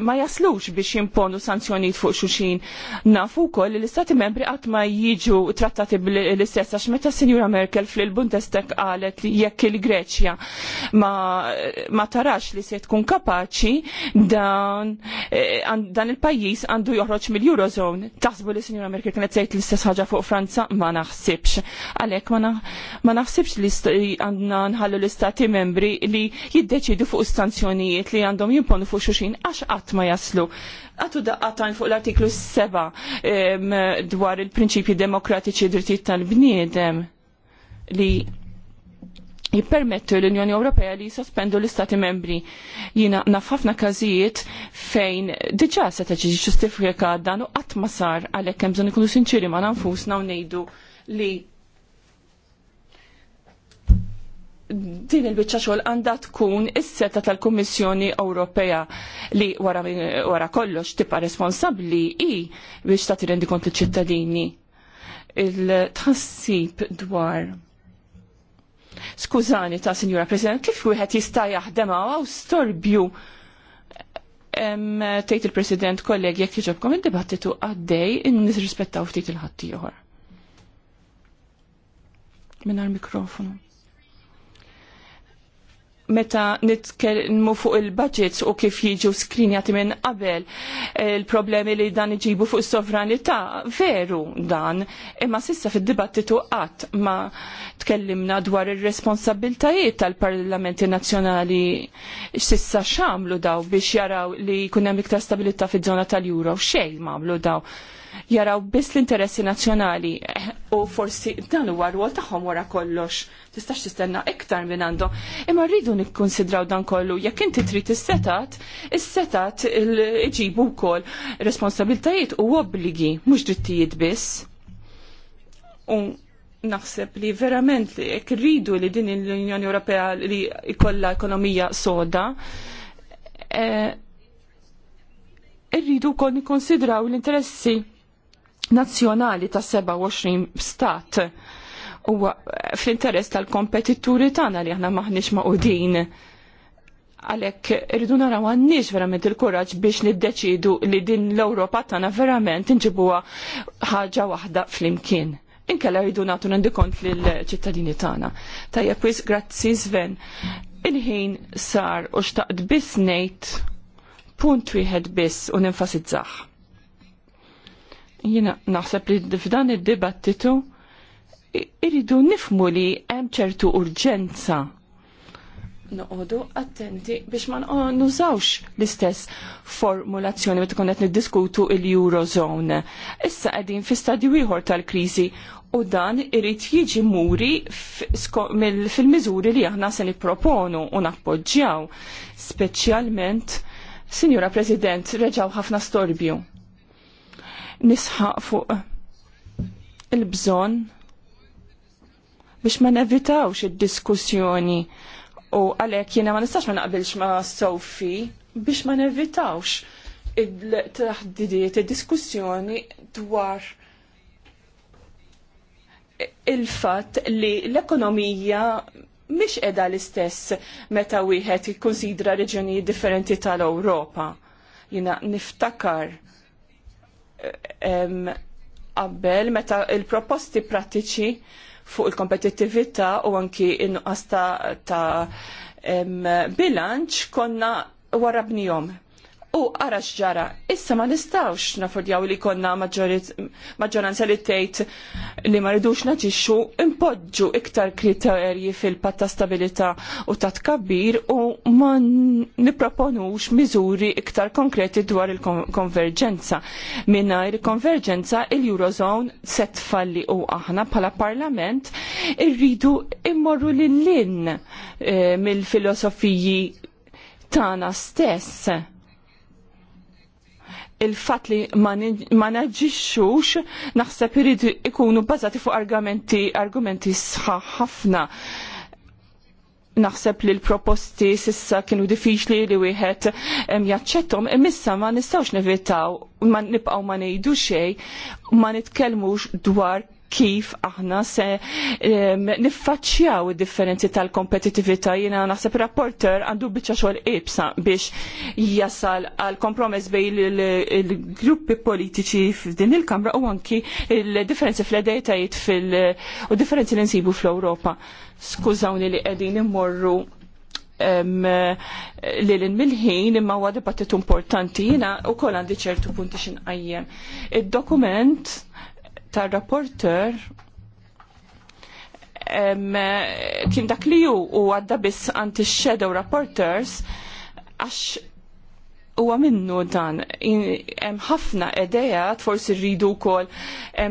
ma jaslux biex jimponu sanzjonijiet fuq xuxin. Nafu kol li l-istati membri qatt ma jiġu trattati bil istess għax meta senjura Merkel fil-Bundestag qalet li jekk il-Greċja ma, tarax li se tkun kapaċi e, dan, il-pajjiż għandu joħroġ mill-Eurozone. Taħsbu li Sinjura Merkel kienet tgħid l-istess ħaġa fuq Franza ma naħsibx. Għalhekk ma naħsibx li għandna nħallu l-istati membri li jiddeċidu fuq sanzjonijiet li għandhom jimponu fuq xuxin għax qatt ma jaslu. Għatu daqqatan fuq l-artiklu 7 dwar il-prinċipji demokratiċi drittijiet tal-bniedem li jippermettu l-Unjoni Ewropea li jisospendu l-Istati membri. Jina nafafna kazijiet fejn diġa se taġi ġustifika dan u qatt ma sar għalhekk hemm ikunu sinċiri ma' nanfusna u ngħidu li din il-bicċa xogħol għandha tkun is-seta tal-Kummissjoni Ewropea li wara, wara kollox tibqa' responsabbli i biex tagħti rendi kont liċ-ċittadini. Il-tħassib dwar Skużani ta' Sinjura President, kif wieħed jista' jaħdem għaw storbju tgħid il-President kollegi jekk jġobkom id-dibattitu għaddej in-nisrispettaw ftit il-ħaddieħor. l mikrofonu meta nitkellmu fuq il-budgets u kif jiġu skrinjati minn qabel il-problemi li dan iġibu fuq sovranità, veru dan, imma sissa fid-dibattitu qatt ma tkellimna dwar ir-responsabiltajiet tal-Parlamenti Nazzjonali sissa xamlu daw biex jaraw li jkun hemm iktar stabilità fiż-żona tal-Euro, xejn mamlu daw jaraw biss l-interessi nazzjonali u forsi dan huwa rwol tagħhom wara kollox. Tistax tistenna iktar minn għandhom. Imma rridu nikkonsidraw dan kollu jekk inti trid is-setat, is-setat iġibu wkoll responsabiltajiet u obbligi mhux drittijiet biss. U naħseb li verament li jekk rridu li din l-Unjoni Ewropea li jkollha ekonomija soda, eh, irridu wkoll kon nikkonsidraw l-interessi nazzjonali ta' 27 stat huwa fl-interess tal-kompetituri tagħna li aħna maħniex maqudin għalek irridu naraw għannix verament il-kuraġ biex niddeċidu li din l-Europa tana verament nġibuha ħaġa waħda fl-imkien. Inkella rridu natu rendikont lill-ċittadini tana. Tajja kwis, grazzi Sven. Il-ħin sar u xtaqt biss ngħid punt wieħed biss u ninfasizzaħ. Jina naħseb li f'dan id-dibattitu irridu nifmu li hemm ċertu urġenza Noqogħdu attenti biex ma nużawx l-istess formulazzjoni meta qed niddiskutu l eurozone Issa qegħdin fi stadju ieħor tal-kriżi u dan irid jiġi muri fil-miżuri li aħna se nipproponu u nappoġġjaw, speċjalment Sinjura President, reġaw ħafna storbju nisħaq fuq il-bżon biex ma nevitawx id-diskussjoni u għalek jena ma nistax ma naqbilx ma Sofi biex ma nevitawx il traħdidiet il-diskussjoni dwar il-fat li l-ekonomija mish edha l-istess meta wieħed jikkonsidra reġjoni differenti tal-Ewropa. Jina niftakar qabel meta il-proposti pratiċi fuq il-kompetittività u anki in-nuqqas ta' bilanċ konna warabnijom u għara xġara. Issa ma nistawx nafordjaw li konna maġġoranza li tgħid li ma rridux naġixxu impoġġu iktar kriterji fil-patta stabilità u ta' tkabbir u ma niproponux miżuri iktar konkreti dwar il-konverġenza. Mingħajr konverġenza il-Eurozone se tfalli u aħna bħala parlament irridu immorru lil-lin eh, mill-filosofiji tana stess il-fat li ma naġġixxux naħseb irid ikunu bbażati fuq argumenti argumenti sħaħ ħafna. Naħseb li l-proposti sissa kienu diffiċli li wieħed jaċċettom, imissa ma nistgħux nevitaw, ma nibqgħu ma ngħidu xejn, ma nitkellmux dwar kif aħna se um, niffaċċjaw id-differenzi tal-kompetitività jiena naħseb rapporter għandu biċċa xogħol ibsa biex jasal għal kompromess bejn il-gruppi politiċi f'din il-Kamra u anki il-differenzi fl-edajtajiet fil- u differenzi li nsibu fl-Ewropa. Skużawni li qegħdin immorru um, li l-inmilħin imma huwa dibattitu importanti jiena wkoll għandi ċertu punti xinqajjem. Id-dokument tal rapporter kien dak li ju u għadda biss anti shadow rapporters għax huwa minnu dan hemm ħafna edejat forsi rridu wkoll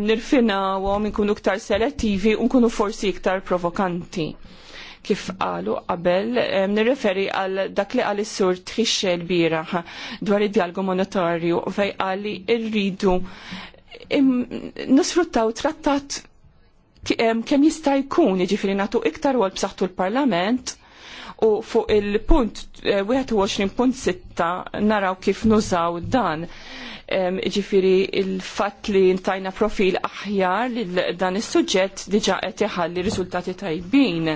nirfinawhom inkunu ktar selettivi u nkunu forsi iktar provokanti. Kif qalu qabel nirreferi għal dak li għal is-sur tħixxe l bira dwar id-dialgu monetarju fej għali rridu nisfruttaw trattat kemm jista' jkun jiġifieri nagħtu iktar għal b'saħħtu l-Parlament u fuq il-punt 21.6 eh, naraw kif nużaw dan ġifiri il-fat li ntajna profil aħjar li dan is-suġġett diġa qed iħalli riżultati tajbin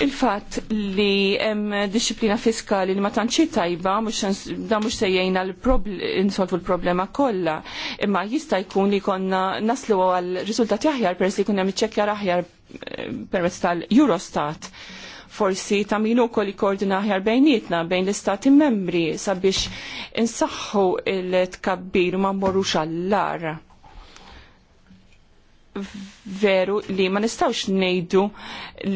Il-fat li hemm disciplina fiskali li ma tanċi tajba, da mux sejjajna insolvu l-problema kollha, imma jista' jkun li konna naslu għal riżultati aħjar peress li kun hemm iċċekkjar aħjar eh, permezz tal-Eurostat. Forsi tamilu kol koordina aħjar bejnietna bejn l-istati membri sabiex insaħħu il-tkabbir ma mmorrux għall veru li ma nistawx nejdu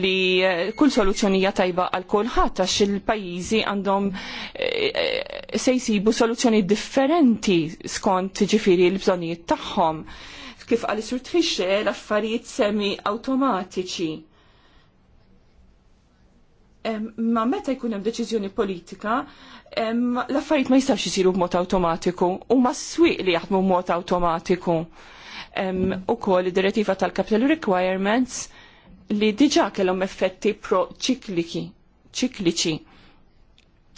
li eh, kull soluzzjonija tajba għal kulħadd għax il-pajjiżi għandhom eh, se jsibu soluzzjoni differenti skont ġifiri l-bżonijiet tagħhom. Kif għal sur tfixxe l-affarijiet semi awtomatiċi. Ma meta jkun hemm deċiżjoni politika, l-affarijiet ma jistawx isiru b'mod awtomatiku u ma s-swieq li jaħdmu b'mod awtomatiku ukoll id-direttiva tal-capital requirements li diġa kellhom effetti pro-ċikliki, ċikliċi.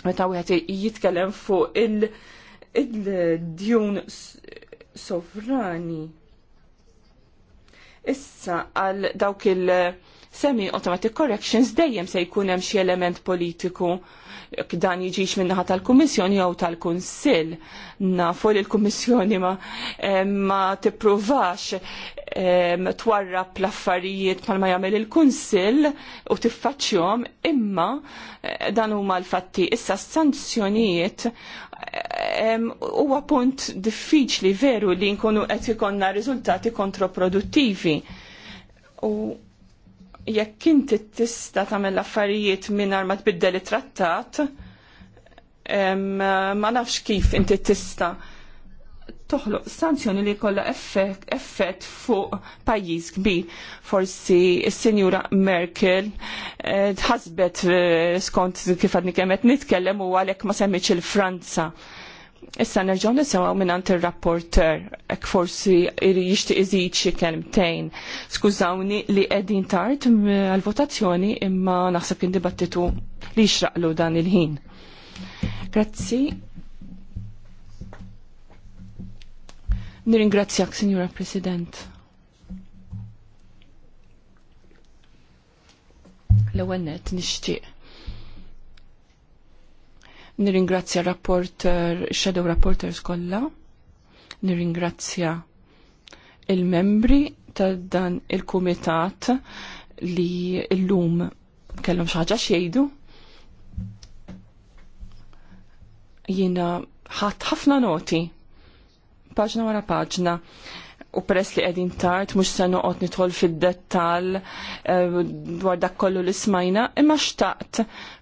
Meta wieħed jitkellem fuq il-djun sovrani. Issa għal dawk il- semi automatic corrections dejjem se jkun hemm xi element politiku dan jiġix minnaħa tal-Kummissjoni jew tal-Kunsill. Nafu li l-Kummissjoni ma, ma tippruvax twarrab l-affarijiet mal-ma jagħmel il-Kunsill u tiffaċċjhom imma eh, dan huma l-fatti. Issa s-sanzjonijiet huwa punt diffiċli veru li nkunu qed ikonna riżultati kontroproduttivi. U jekk inti tista tagħmel l-affarijiet mingħajr ma tbiddel it-trattat, ma nafx kif inti tista toħloq sanzjoni li kollha effett fuq pajjiż kbir. Forsi s-Sinjura Merkel eh, tħasbet eh, skont kif għadni qed nitkellem u għalhekk ma semmiċ il-Franza. Issa nerġgħu nisimgħu minn ir-rapporter hekk forsi jixtieq iżid xi kelmtejn. Skużawni li qegħdin tard għall-votazzjoni imma naħseb kien dibattitu li jixraqlu dan il-ħin. Grazzi. Nirringrazzjak, Signora President. L-ewwel nett nixtieq Nirringrazzja rapporter, shadow rapporters kollha, nirringrazzja il-membri ta' dan il-kumitat li l-lum kellhom xi ħaġa Jina ħat ħafna noti, paġna wara paġna u peress li qegħdin tard mhux se noqgħod nidħol fid-dettall eh, dwar dak kollu li smajna, imma xtaqt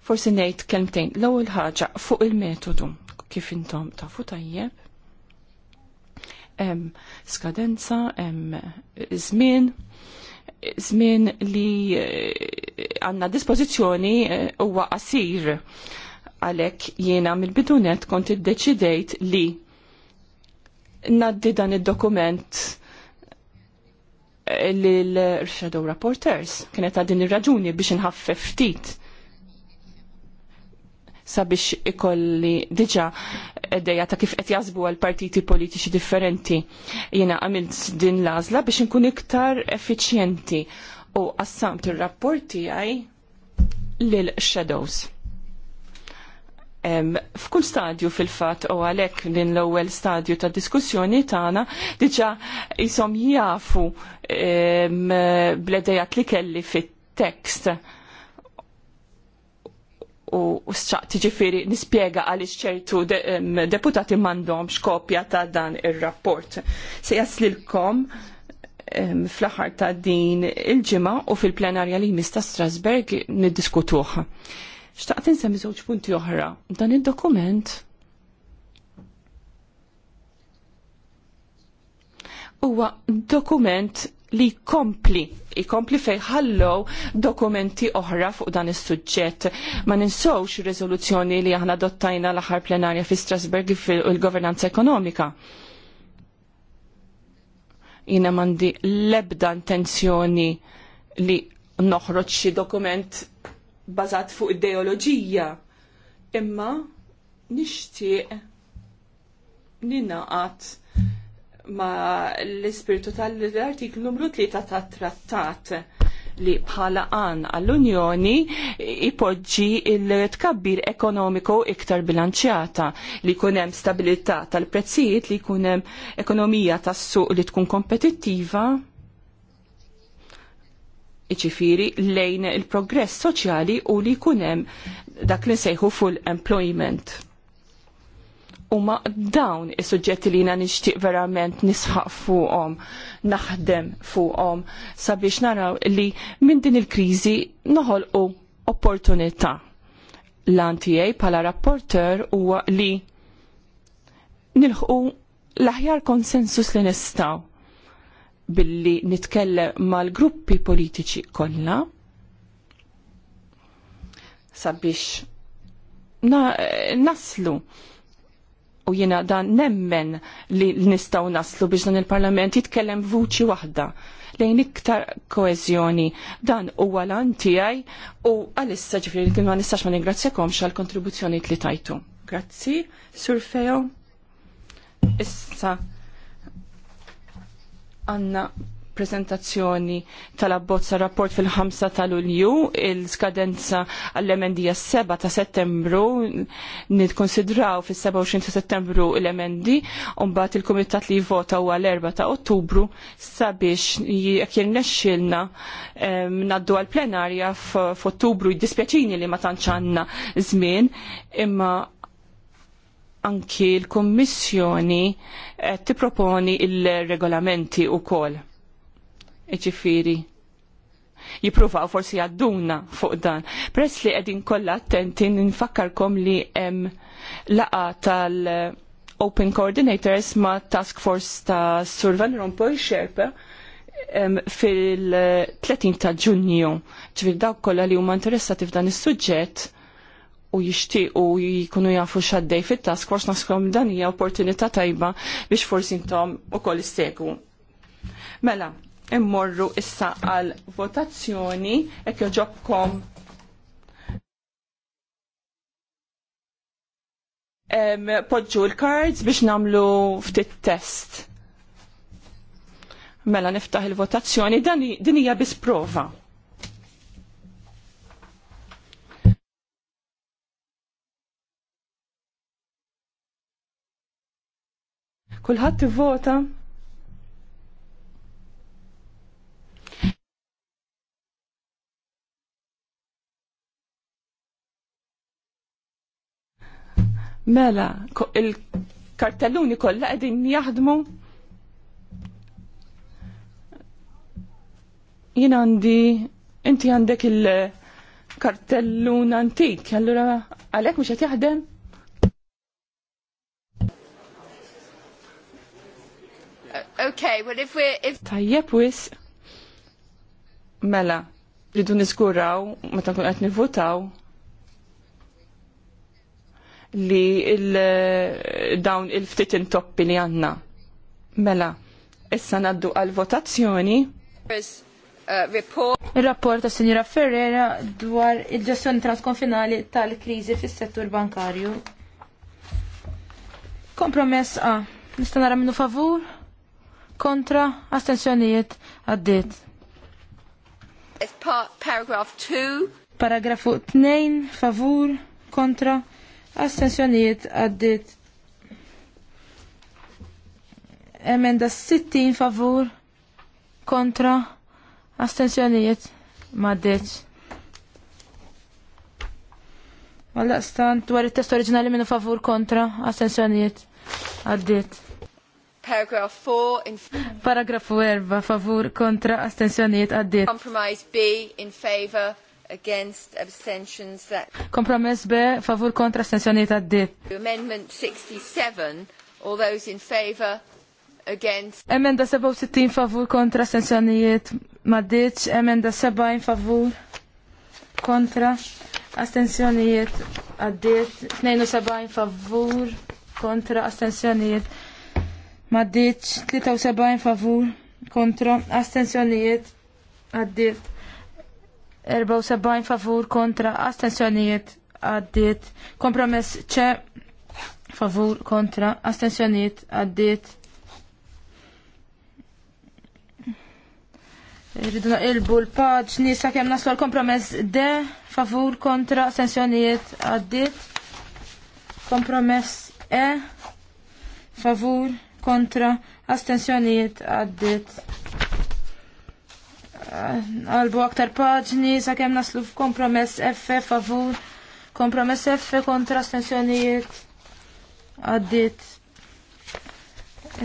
forsi ngħid kelmtejn. L-ewwel ħaġa fuq il-metodu kif intom tafu tajjeb. Hemm skadenza, hemm żmien, żmien li eh, għandna dispożizzjoni eh, huwa qasir għalhekk jiena mill-bidunet kont iddeċidejt li naddi dan id-dokument eh, l-Shadow Rapporters kienet għad din ir-raġuni biex nħaffef ftit sabiex ikolli diġa dejja ta' kif qed jazbu għal partiti politiċi differenti. Jena għamilt din l-għażla biex inkun iktar effiċjenti u qassamt il rapporti għaj lil shadows f'kull stadju fil-fatt u għalhekk din l-ewwel stadju ta' diskussjoni tagħna diġà isom jafu bledejat li kelli fit-tekst u sċaqt ġifiri nispiega għalix ċertu deputati mandom kopja ta' dan il-rapport. Se jaslilkom fl-aħħar ta' din il-ġimgħa u fil-plenarja li mista Strasberg niddiskutuha. Xtaqt insemmi żewġ punti oħra. Dan id-dokument huwa dokument li kompli, ikompli fej ħallow dokumenti oħra fuq dan is-suġġett. Ma ninsowx riżoluzzjoni li aħna dottajna l-aħħar plenarja fi Strasburg fil-governanza ekonomika. Jiena mandi l-ebda intenzjoni li noħroġ xi dokument bazat fuq ideoloġija. Imma nixtieq ninaqat ma l-ispirtu tal-artiklu numru 3 tat-trattat li bħala għan għall-Unjoni ipoġġi il-tkabbir ekonomiku iktar bilanċjata li kunem stabilità tal-prezzijiet li kunem ekonomija tas-suq li tkun kompetittiva iċifiri lejn il-progress soċjali u li kunem dak li sejħu full employment. Uma dawn is suġġetti li jina nixtieq verament nisħaq fuqhom, naħdem fuqhom sabiex naraw li minn din il-kriżi noħolqu opportunità. L-antijaj pala rapporter huwa li nilħu l-aħjar konsensus li nistaw billi nitkellem mal-gruppi politiċi kollha sabiex na, naslu u jiena dan nemmen li nistaw naslu biex dan il-parlament jitkellem vuċi waħda lejn iktar koezjoni dan u għalan tijaj u għalissa ġifri li ma nistax ma ningrazzjakom xal kontribuzzjoni li tajtu. Grazzi, Surfeo. Issa, għanna prezentazzjoni tal-abbozza rapport fil-5 ta' Lulju, il-skadenza għall-emendija 7 ta' settembru, nitkonsidraw fil-27 ta' settembru l-emendi, unbat il-komitat li vota huwa l-4 ta' ottubru sabiex jek nesċilna naddu għal-plenarja f'ottubru jiddispjaċini li ma tantx għandna żmien, imma anki l-Kommissjoni eh, tipproponi il-regolamenti u kol. Iġifiri, u forsi għadduna fuq dan. Press li għedin kolla attenti ninfakkarkom li em laqa tal Open Coordinators ma Task Force ta' Survan Rompoy Xerpa fil-30 ta' ġunju. Ġvil dawk kolla li huma interessati f'dan is-suġġett u jixtiequ jkunu jafu xaddej fit-task force naskom dan hija opportunità tajba biex forsi intom ukoll issegwu. Mela, immorru issa għal votazzjoni hekk joġobkom um, podġu l-cards biex namlu ftit test. Mela niftaħ il-votazzjoni, din hija bis prova. Kulħadd ivvota. Mela, il-kartelluni kollha qegħdin jaħdmu jien għandi, inti għandek il-kartellun antik, allura għalek mux jaħdem? Okay, well if we're... if Tajjeb wis mela ridu niżguraw meta nkun qed nivutaw, li il eh, dawn il-ftit intoppi li għanna. Mela, issa naddu għal-votazzjoni. Uh, Il-rapport ta' Sinjora Ferrera dwar il-ġestjoni transkonfinali tal-krizi fis-settur bankarju. Kompromess A. Nista' nara minnu favur? kontra astensjonijiet għaddiet. Paragraf 2. Paragrafu 2, favur, kontra, astensjonijiet għaddit. Emenda 60 favur, kontra, astensjonijiet maddeċ. Għallaq dwar il-test oriġinali minnu favur kontra, astensjonijiet għaddit. Paragraph 4 in Paragrafu 4 favur kontra astensjonijiet għaddiet. Compromise B in favor against abstentions that compromise B favur kontra astensjonijiet ad Amendment 67 all those in favor against Emenda 67 favur kontra astensjonijiet maddiċ emenda 70 favur kontra astensjonijiet għaddiet 72 favur kontra astensjonijiet maddiċ 73 favur kontra astensjonijiet għaddiet 74 favur kontra astensjonijiet għaddiet kompromess ċe favur kontra astensjonijiet għaddiet Rridu naqilbu l-paġni nisa kem naslu l-kompromess D, favur kontra astensjonijiet għaddiet kompromess E, favur kontra astensjonijiet għaddit. Għalbu aktar paġni sakemm naslu f'kompromess F favur kompromess F kontra astensjonijiet għaddit.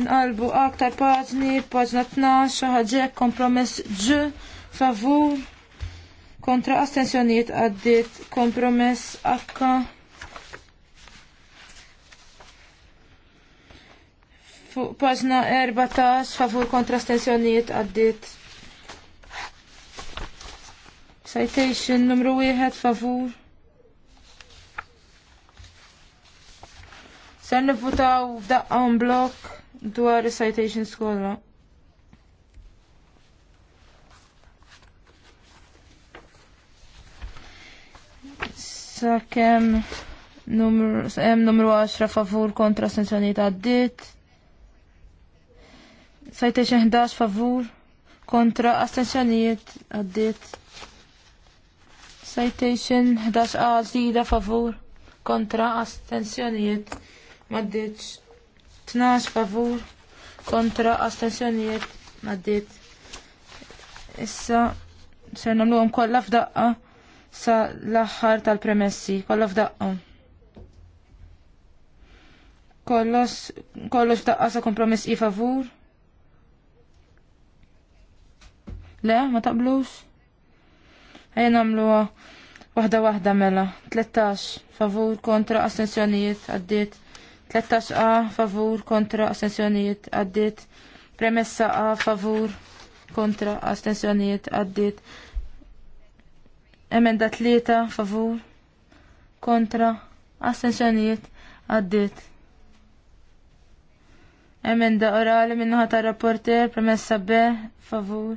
għalbu aktar paġni, paġna 12, ħagġek kompromess G favur kontra astensjonijiet għaddit kompromess H Pażna erba' ta' favur kontra stensjonijiet għaddit. Citation numru 1 favur. Se nifutaw f'daqqa un blok dwar citation skola. Sa kemm numru, numru 10 favur kontra sanzjonijiet għaddit. Citation 11 favur kontra astensjonijiet għaddit. Citation 11 għal zida favur kontra astensjoniet maddiċ. 12 favur kontra astensjonijiet maddiċ. Issa ser namluhom kollha f'daqqa sa l-aħħar tal-premessi, Kolla f'daqqa. Kollox kollox f'daqqa sa kompromessi i favur Le, ma taqblux? Ejja namluha waħda waħda mela. 13 favur kontra assenzjonijiet, għaddiet. 13 A favur kontra assenzjonijiet għaddiet. Premessa A favur kontra astensjonijiet għaddiet. Emenda tlieta, favur kontra astensjonijiet għaddiet. Emenda orali minnaħa rapporter premessa B favur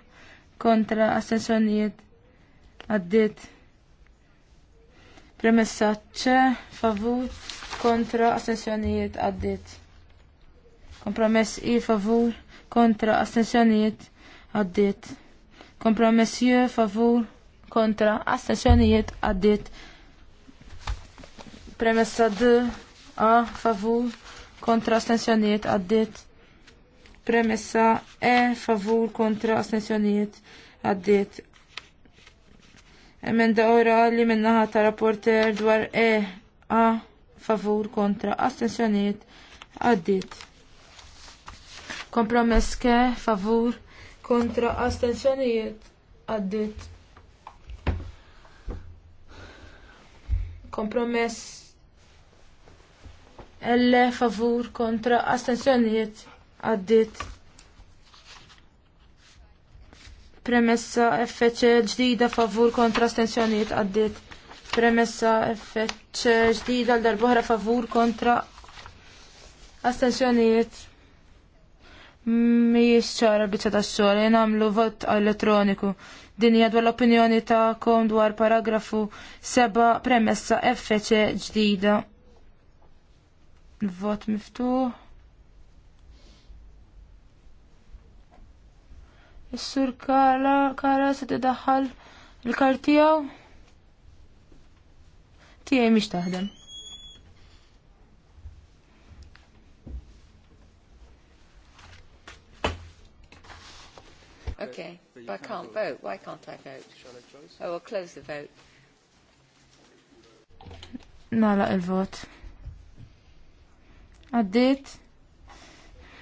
kontra astensjonijiet għaddit. Premessa ċe, favur, kontra astensjonijiet għaddit. Kompromess i favur, kontra astensjonijiet għaddit. Kompromess ju favur, kontra astensjonijiet għaddit. Premessa d, a, favur, kontra astensjonijiet għaddit. Premessa E favur kontra astensjonijiet għaddiet. Emenda li minnaħa ta' rapporter dwar E A favur kontra astensjonijiet għaddiet. Kompromess ke favur kontra astensjonijiet għaddiet. Kompromess elle favur kontra astensjonijiet għaddit premessa FC ġdida favur kontra stensjoniet għaddit premessa FHC ġdida l-darbohra favur kontra astensjoniet mi ċara bieċa tax xogħol nagħmlu vot elettroniku din hija dwar l-opinjoni tagħkom dwar paragrafu 7 premessa FC ġdida. Vot miftuħ. Is-sur Kara, Kara se tidaħħal il-kart tiegħu? Tiegħi mhix taħdem. Okay, but I can't vote. Why can't I vote? Oh, I'll close the vote. Nala il-vot. Għaddit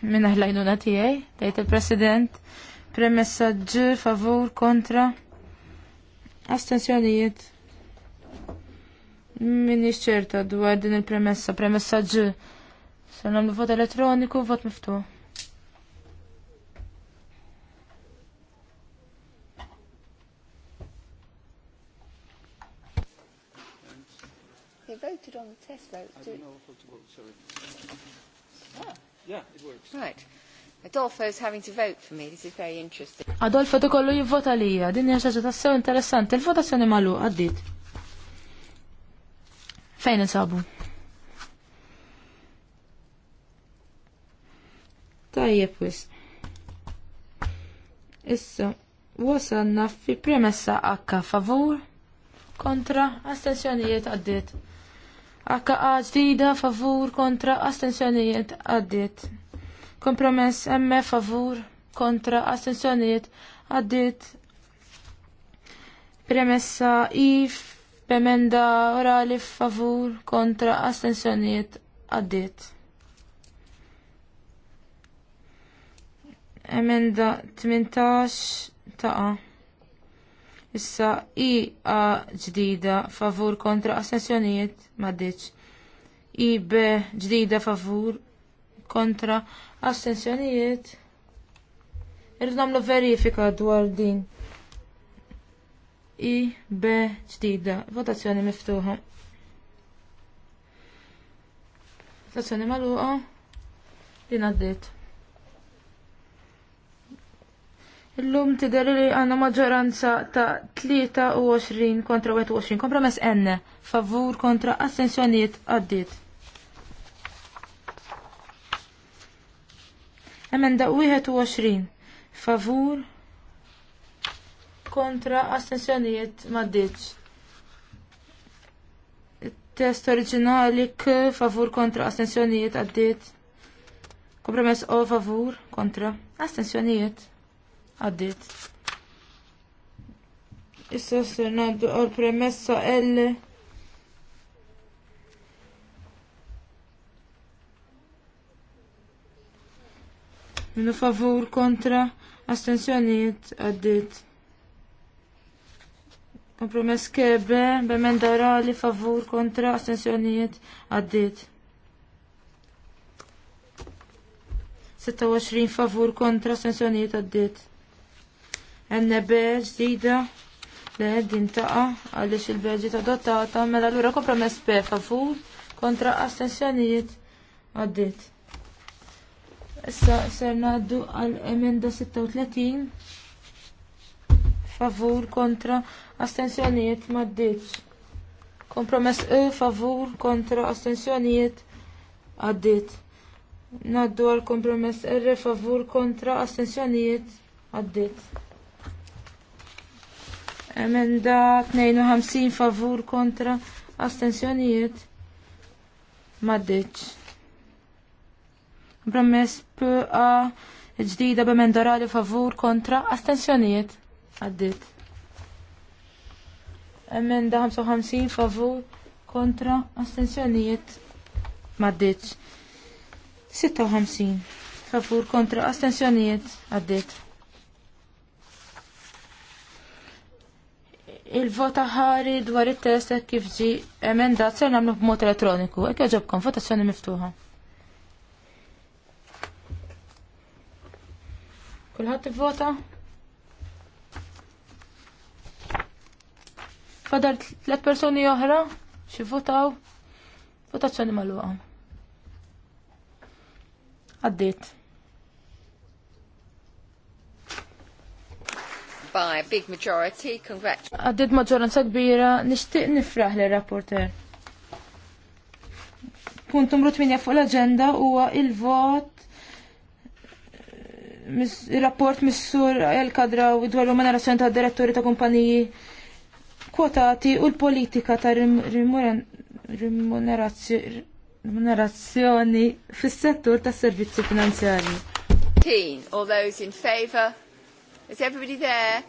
minna ħlajnuna tijaj, tajt il-president, Premessa G favur kontra astensjonijiet. Min ċerta dwar din il-premessa, premessa G. Se nagħmlu vot elettroniku, vot miftuħ. voted on the test vote. I don't know how to vote, sorry. Ah. Yeah, it works. Right. Adolfo's having to vote for me, this is very interesting. Adolfo tu kollu jivvota lija, din hija xaġa tassew interessanti, il-votazzjoni malu għaddit. Fejn insabu? Tajjeb wis. Issa, wasalna fi premessa akka favur, kontra, astensjonijiet għaddit. Akka ġdida favur kontra astensjonijiet għaddit. Kompromess emme favur kontra astensjonijiet għaddit. Premessa i b'emenda orali favur kontra astensjonijiet għaddit. Emenda 18 taqa. Issa i a ġdida favur kontra astensjonijiet maddiċ. I b ġdida favur kontra astensjonijiet. Irrid nagħmlu verifika dwar din. I B ġdida, votazzjoni miftuħa. Votazzjoni magħluqa din għaddiet. Illum tidher li għandna maġġoranza ta' 23 kontra 21 kompromess N favur kontra assenzjonijiet għaddiet. Emenda 21 favur kontra astensjonijiet maddiċ. Test oriġinali k favur kontra astensjonijiet għaddiet. Kompromess o favur kontra astensjonijiet għaddiet. Issa s-sernaddu għal premessa L Minu favur kontra astensjonijiet għaddit. Kompromess kebe, bemenda orali favur kontra astensjonijiet għaddit. 26 favur kontra astensjonijiet għaddit. NB ġdida li din taqa għaliex il-Belġi ta' dotata mela l-ura kompromess P favur kontra astensjonijiet għaddit. Issa ser ngħaddu għal emenda 36 favur kontra astensjonijiet m'għaddiċ. Kompromess E favur kontra astensjonijiet għaddit. Naddu għal kompromess R favur kontra astensjonijiet għaddit. Emenda 52 favur kontra astensjonijiet m'għaddiċ. Bromess PA ġdida b'emenda orali favur kontra astensjonijiet għaddit. Emenda 55 favur kontra astensjonijiet Maddit. 56 favur kontra astensjonijiet għaddit. Il-vota ħari dwar it-test kif ġi emendat ser nagħmlu b'mod elettroniku. Ekk ġobkom votazzjoni miftuħa. Kulħadd ivvota? Fadar tlet persuni oħra xi votaw votazzjoni magħluqa. Għaddiet. by a big majority. Congratulations. Għaddit maġġoranza kbira, nixtieq nifraħ lir rapporter Punt numru 8 fuq l aġenda huwa il-vot rapport missur el-kadraw dwar l-umanazzjoni ta' direttori ta' kumpaniji kwotati u l-politika ta' rimunerazzjoni fis-settur tas servizzi finanzjarji. All those in favor? Is everybody there?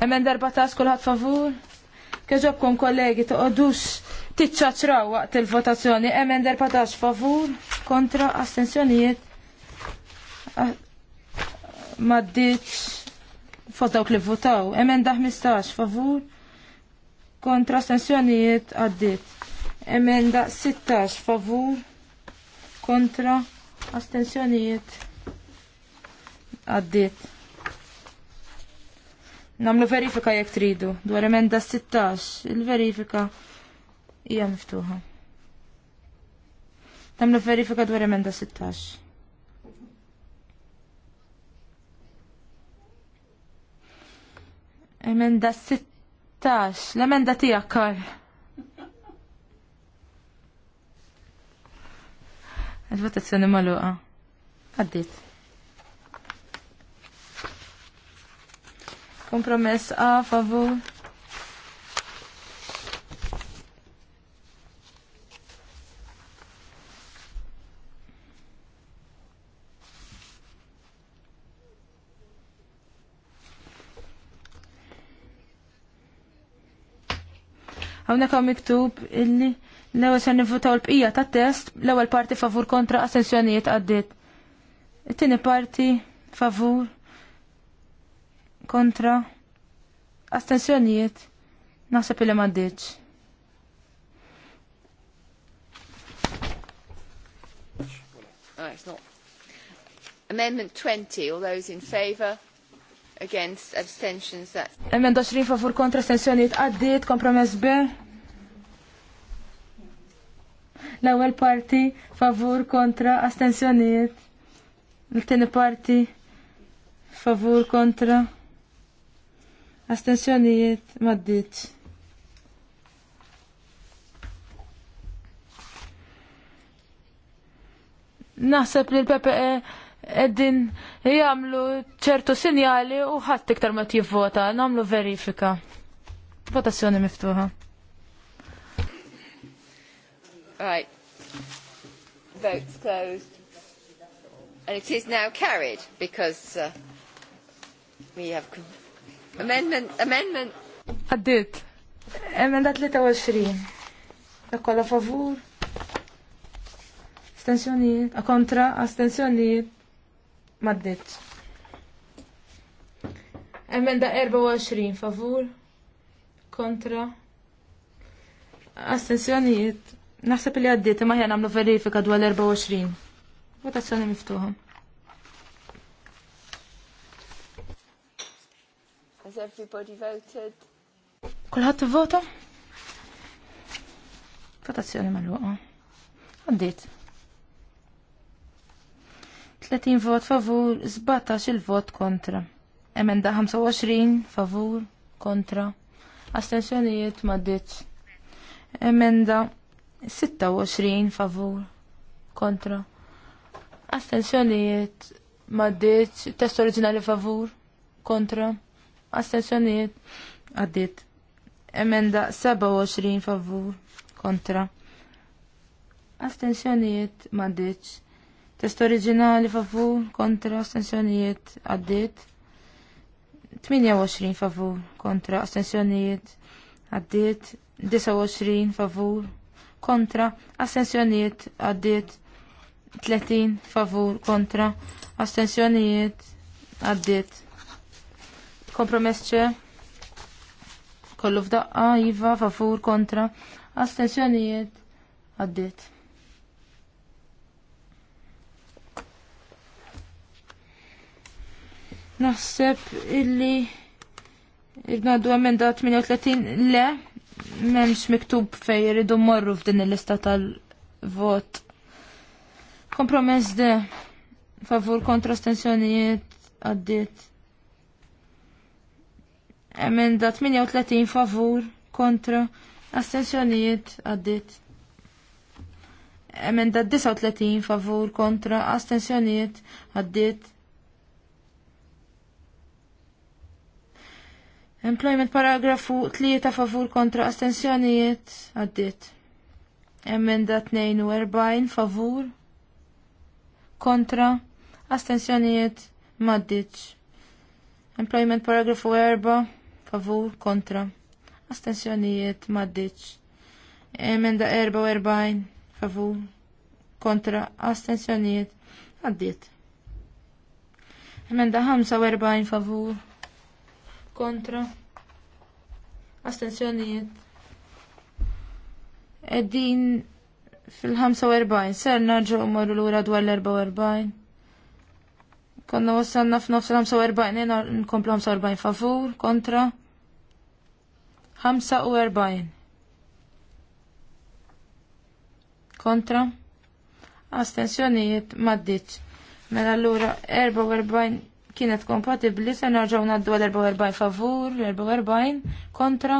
Emen darba ta' skulħat favur? Keġobkom kollegi odus tiċċaċraw waqt il-votazzjoni. Emen darba ta' favur kontra astensjonijiet Ah, maddiċ fost dawk li votaw. Emenda 15 favur kontra astensjonijiet għaddit. Emenda 16 favur kontra astensjonijiet għaddit. Namlu verifika jekk tridu dwar emenda 16. Il-verifika hija miftuħa. Namlu verifika dwar emenda 16. Emenda 16. L-emenda tijak kar. Il-votazzjoni maluqa. Għaddit. Kompromess A favur Hawnhekk hawn miktub illi l-ewwel se nifutaw l-bqija tat-test, l-ewwel parti favur kontra astensjonijiet għaddiet. It-tieni parti favur kontra astensjonijiet naħseb illi m'għaddietx. Ah, Amendment 20, all those in favour? against abstentions that Emenda 20 favur kontra astensjonijiet Addit. kompromess B L-ewwel parti favur kontra astensjonijiet L-tieni parti favur kontra astensjonijiet maddit Naħseb li l-PPE eddin jagħmlu ċertu sinjali u ħadd iktar ma tivvota nagħmlu verifika. Votazzjoni miftuħa. Right. Votes closed. And it is now carried because uh, we have amendment amendment Għaddit. Emendat xrin. Ekkola favur. Astensjoniet. A kontra. Astensjoniet. Maddit. Emenda 24 favur kontra astensjonijiet. Naħseb li għaddiet imma jgħan għamlu verifika dwar 24. Votazzjoni miftuħa. Has everybody voted? Kulħadd vota? Votazzjoni mal-luqa. Għaddiet. 30 vot favur, 17 il-vot kontra. Emenda 25 favur, kontra. Astensjonijiet ditx. Emenda 26 favur, kontra. Astensjonijiet ditx. Test oriġinali favur, kontra. Astensjonijiet għaddit. Emenda 27 favur, kontra. Astensjonijiet ditx. Test oriġinali favur kontra astensjonijiet għaddit. 28 fafu kontra astensjonijiet għaddit. 29 favur kontra astensjonijiet għaddit. 30 fafu kontra astensjonijiet għaddit. Kompromess ċe? Kollu f'daqqa, iva, favur kontra astensjonijiet għaddit. Naħseb illi il-għaddu emenda 38 le, memx miktub fej jridu morru f'din il-lista tal-vot. Kompromess de, favur kontra stensjonijiet għaddit. Emenda 38 favur kontra astensjonijiet għaddit. Emenda 39 favur kontra astensjonijiet għaddit Employment paragrafu 3 favur kontra astensjonijiet għaddit. Emenda 42 favur kontra astensjonijiet maddit. Employment paragrafu 4 favur kontra astensjonijiet maddit. Emenda 44 favur kontra astensjonijiet għaddit. Emenda 45 favur kontra astensjonijiet Eddin fil-45 ser narġu morru l-ura dwar l-44 konna wassalna f'nofs l-45 jena nkomplu 45 favur kontra 45 kontra astensjonijiet maddiċ mela l-ura 44 kienet kompatibli se nerġaw naddu għal 44 favur, 44 kontra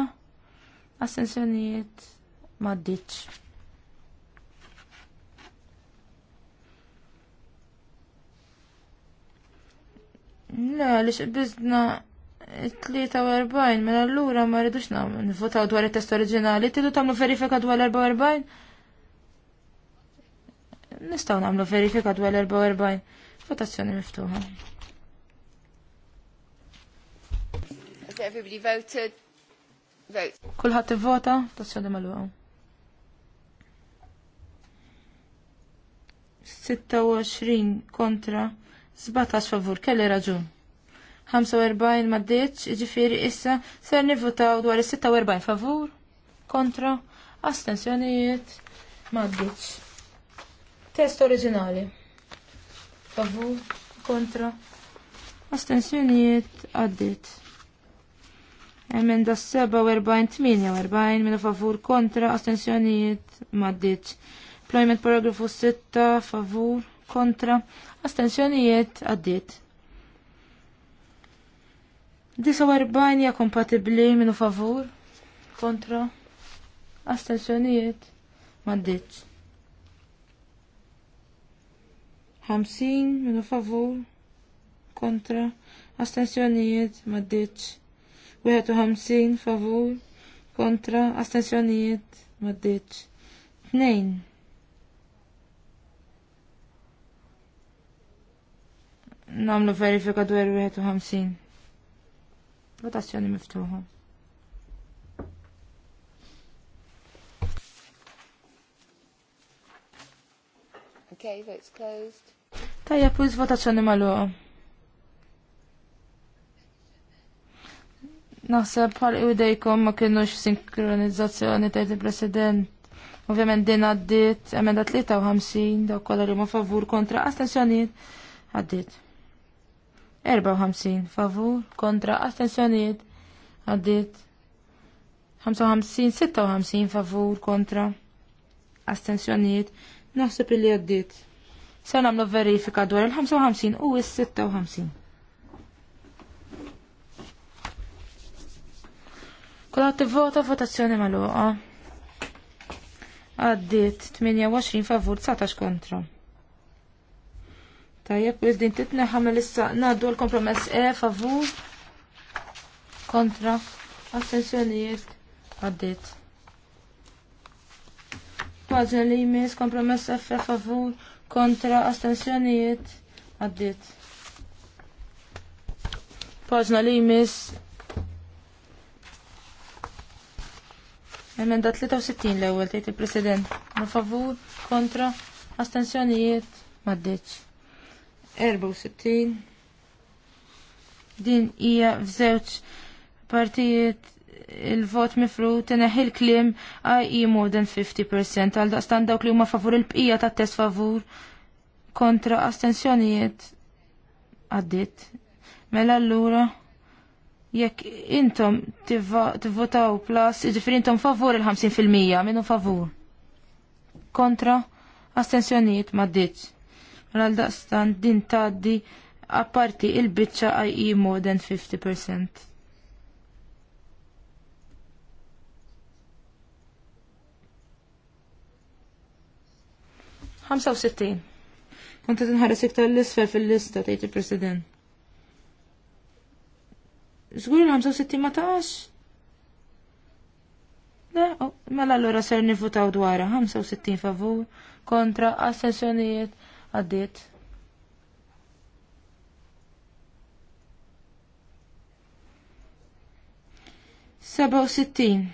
assenzjonijiet maddiċ. Le, li xibizna 43, mela allura ma rridux nifutaw dwar it-test oriġinali, tidu tagħmlu verifika dwar 44? Nistgħu nagħmlu verifika dwar 44. Votazzjoni miftuħa. that everybody voted? Vote. Kulħadd ivvota, votazzjoni magħluqa. 26 kontra 17 favur, kelli raġun. 45 maddeċ, ġifiri issa, ser nivvotaw dwar 46 favur, kontra, astensjonijiet, maddeċ. Test oriġinali. Favur, kontra, astensjonijiet, għaddit. Emenda 47-48 minu favur kontra astensjonijiet maddiċ. Employment paragrafu 6 favur kontra astensjonijiet għaddit. 49 hija kompatibbli minu favur kontra astensjonijiet maddiċ. 50 minu favur kontra astensjonijiet maddiċ. 51 favur kontra astensjonijiet maddiċ. 2. Namlu verifika dwar 51. Votazzjoni miftuħa. Okay, vote's closed. Tajja, puż votazzjoni maluqa. Naħseb bħal u ma kienux sinkronizzazzjoni ta' il-president. Ovvjament din għaddit, emenda 53, daw kollha li ma favur kontra astensjoniet, għaddit. 54, favur kontra astensjoniet, għaddit. 55, 56 favur kontra astensjoniet, naħseb li għaddit. Se nagħmlu verifika dwar il-55 u il-56. Kulħadd tivvota votazzjoni magħluqa. Għaddit 28 favur 19 kontra. Tajjeb, u din titneħa issa ngħaddu l-kompromess E favur kontra astensjonijiet għaddit. Paġna li jmiss kompromess F favur kontra astensjonijiet għaddit. Paġna li jmiss Emenda 63 l-ewwel tgħid il-President. Ma favur, kontra, astensjonijiet, maddeċ. 64. Din hija f'żewġ partijiet il-vot mifru teneħi l-klim għaj more than 50% għal daqstan dawk li huma favur il-bqija tat test favur kontra astensjonijiet għaddit. Mela allura jekk intom tivvotaw plas, ġifiri intom favur il-50% minnu favur. Kontra, astensjoniet ma ditx. Għal daqstan din taddi apparti il-bicċa IE more than 50%. ħamsa u sittin. Konta tinħares iktar l fil-lista tgħid il-President. Zgur l-65 ma tax? Le, oh, mela allora ser nifutaw dwarha 65 favur kontra assessjonijiet għaddiet. Seba u sittin.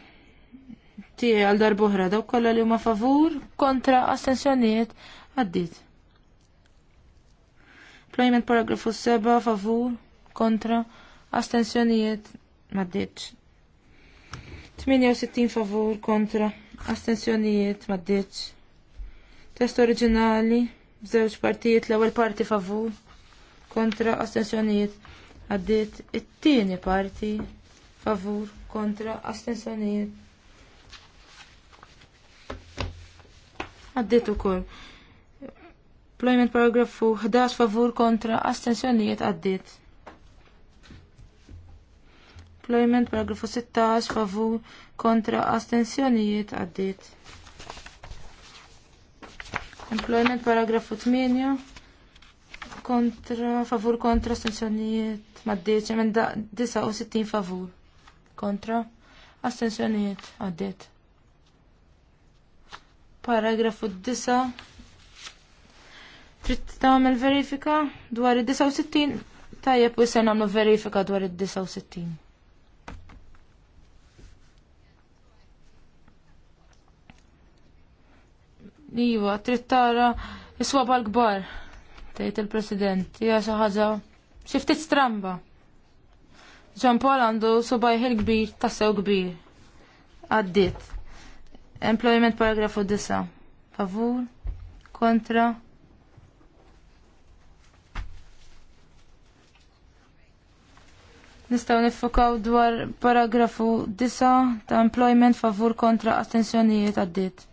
Tiegħi għal darbohra daw kolla li huma favur kontra assenzjonijiet għaddiet. Employment paragrafu seba' favur kontra astensjonijiet ddiċ. 68 favur kontra astensjonijiet ddiċ. Test oriġinali b'żewġ partijiet l-ewwel parti favur kontra astensjonijiet għaddiet it-tieni parti favur kontra astensjonijiet. u ukoll. Employment paragrafu 11 favur kontra astensjonijiet għaddiet. Employment, paragrafu 16, favur kontra astensjonijiet għaddit. Employment, paragrafu 8, kontra, favur kontra astensjonijiet ċemen da 69 favur kontra astensjonijiet għaddit. Paragrafu 9, trid tagħmel verifika dwar id-69 Tajjeb, u se nagħmlu verifika dwar id-69. Iva, trid tara iswaba gbar. kbar tgħid il-President, hija xi ħaġa xi ftit stramba. Ġan Paul għandu subajħil kbir, tassew kbir. Għaddit. Employment paragrafu 9. Favur, kontra. Nistaw nifukaw dwar paragrafu 9 ta' employment favur kontra attenzjonijiet għaddiet.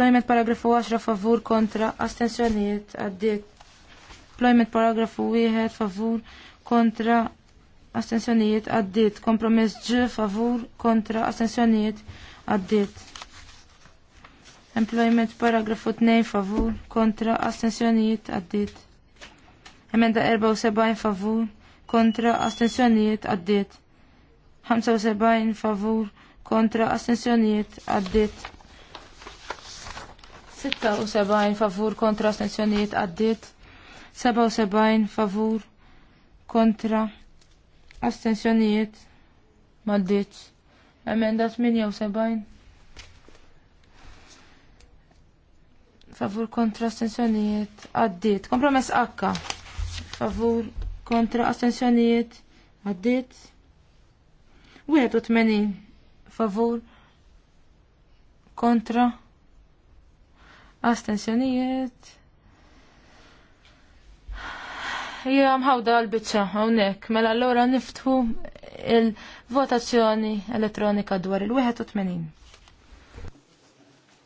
Employment paragrafu 10 favur kontra astensjoniet għaddit. Employment paragrafu 1 favur kontra astensjoniet għaddit. Kompromess ġ favur kontra astensjoniet għaddit. Employment paragrafu 2 favur kontra astensjoniet għaddit. Emenda 74 favur kontra astensjoniet għaddit. 75 favur kontra astensjoniet għaddit. 76 favur kontra astensjonijiet għaddit. 77 favur kontra astensjonijiet maddiet. Emenda 78 favur kontra astensjonijiet għaddit. Kompromess akka. Favur kontra astensjonijiet għaddit. 81 favur kontra astensjonijiet astensjonijiet. Hija mħawda għal-bicċa hawnhekk, mela allura niftħu il-votazzjoni elettronika dwar il-81.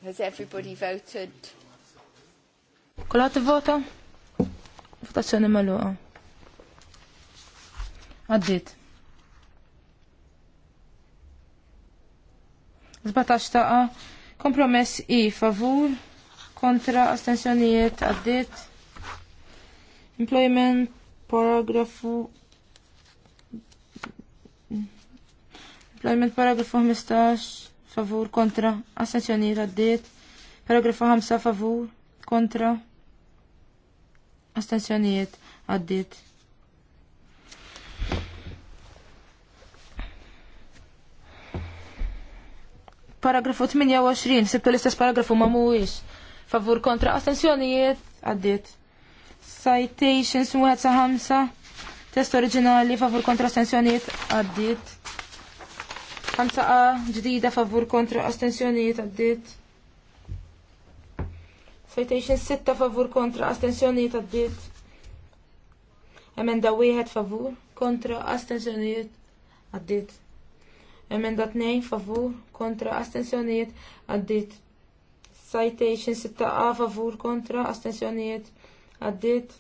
Has everybody voted? Kulħat vota? Votazzjoni maluqa. Għaddit. 17 taqa. Kompromess i favur kontra astensjonijiet għaddit. Employment paragrafu Employment paragrafu 15 favur kontra astensjonijiet għaddit. Paragrafu 5 favur kontra astensjonijiet għaddit. Paragrafu 28, sibtu l-istess paragrafu ma' mhuwiex favur kontra astensjonijiet għaddit. Citations wieħed sa Test oriġinali favur kontra astensjonijiet għaddit. 5A ġdida favur kontra astensjonijiet għaddit. Citation 6 favur kontra astensjonijiet għaddit. Emenda wieħed favur kontra astensjonijiet għaddit. Emenda 2 favur kontra astensjonijiet għaddit citation 6a favur kontra astensjonijiet għaddit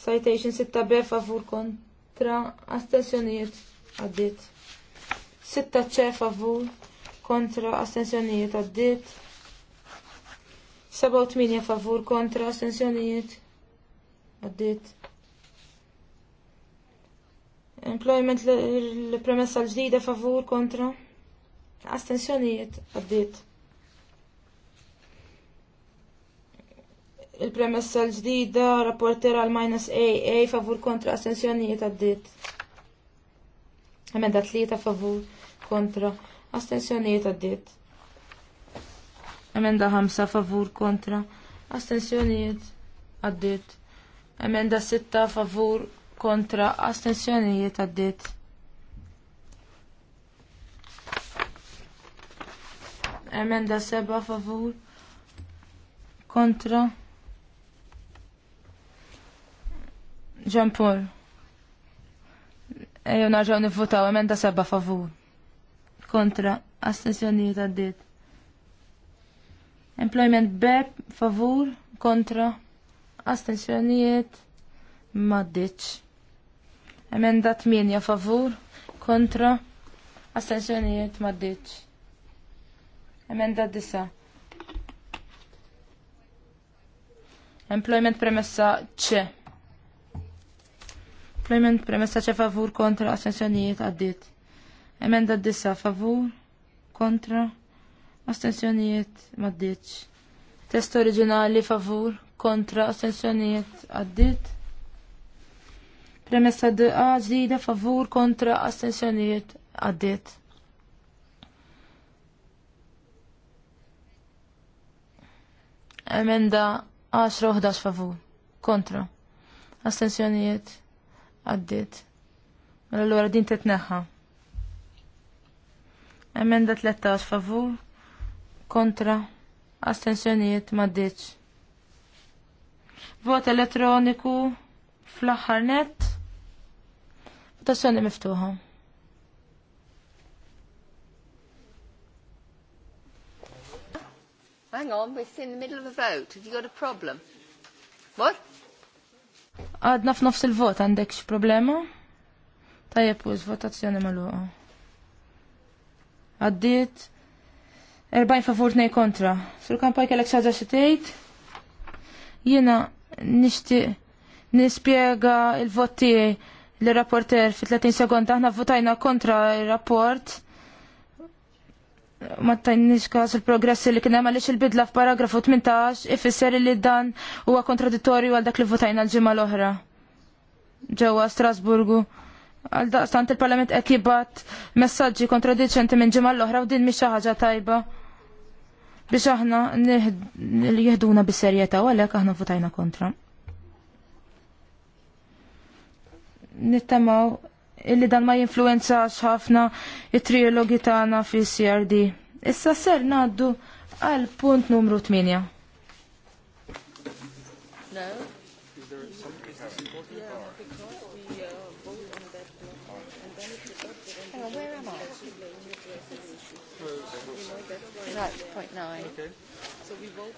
citation 6b favur kontra astensjonijiet għaddit 6c favur kontra astensjonijiet għaddit 87 favur kontra astensjonijiet għaddit employment l-premessa l-ġdida favur kontra astensjonijiet għaddit il-premessa l-ġdida, rapporter għal minus AA, favur kontra astensjonijiet għaddit. Emenda tlieta favur kontra astensjonijiet għaddit. Emenda ħamsa favur kontra astensjonijiet għaddit. Emenda sitta favur kontra astensjonijiet għaddit. Emenda seba favur kontra Jean Paul. Ejju narġaw nivvotaw emenda seba favur. Kontra, ta' għaddit. Employment BEP favur, kontra, astensjonijiet maddiċ. Emenda 8 favur, kontra, astensjonijiet maddiċ. Emenda 9. Employment premessa C employment premessa ċe favur kontra astensjonijiet għaddit. Emenda d-dissa favur kontra astensjonijiet maddiċ. Test oriġinali favur kontra astensjonijiet għaddit. Premessa d-a ġdida favur kontra astensjonijiet għaddit. Emenda 10-11 favur kontra astensjonijiet Għaddit. Allora mela din t-tneħħa. Emenda 13 favur kontra astensjonijiet maddiċ. Vot elettroniku fl-aħħar net. Votazzjoni miftuħa. Hang on, we're in the middle of a vote. Have you got a problem? What? Għadna f'nofs il-vot għandek x-problema? Tajjeb uż votazzjoni maluqa. Għaddiet Erbajn favur 2 kontra. Sur kampaj kellek xaġa xi tgħid? Jiena nixtieq nispjega il-vot tiegħi l-rapporter fi 30 sekonda aħna votajna kontra il-rapport ma tajniex kas il-progressi li kien hemm għaliex il-bidla f'paragrafu 18 ifisser li dan huwa kontradittorju għal dak li votajna l-ġimgħa l-oħra ġewwa Strasburgu. Għal daqstant il-Parlament qed jibgħat messaġġi kontradiċenti minn ġimgħa l-oħra u din mhix xi ħaġa tajba biex aħna li jihduna bis-serjetà u għalhekk aħna votajna kontra. Nittamaw illi dan ma jinfluenzax ħafna it-trilogi tagħna fis-CRD. Issa ser ngħaddu għal punt numru 8. Right, point nine. Okay.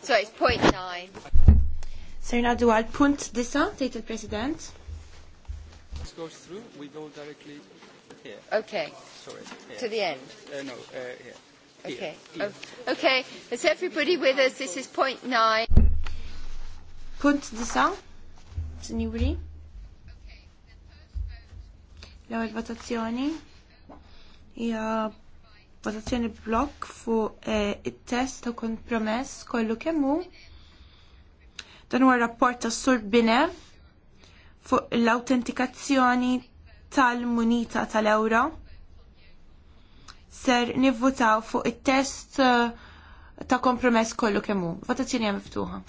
So it's point nine. Sir Nadu għal punt disa, tejt president goes through, we go directly here. Okay. Sorry. Here. To the end? Uh, no, uh, here. Okay. Here. Oh, okay. Is everybody with us? This is point nine. Punt disa, signori. L-ewwel votazzjoni hija votazzjoni blok fuq eh, it-test ta' kompromess kollu kemm hu. Dan huwa rapport tas Sur Binev fuq l-autentikazzjoni tal-munita tal-euro. Ser nivvutaw fuq it-test uh, ta' kompromess kollu kemm hu. Votazzjoni hija miftuħa.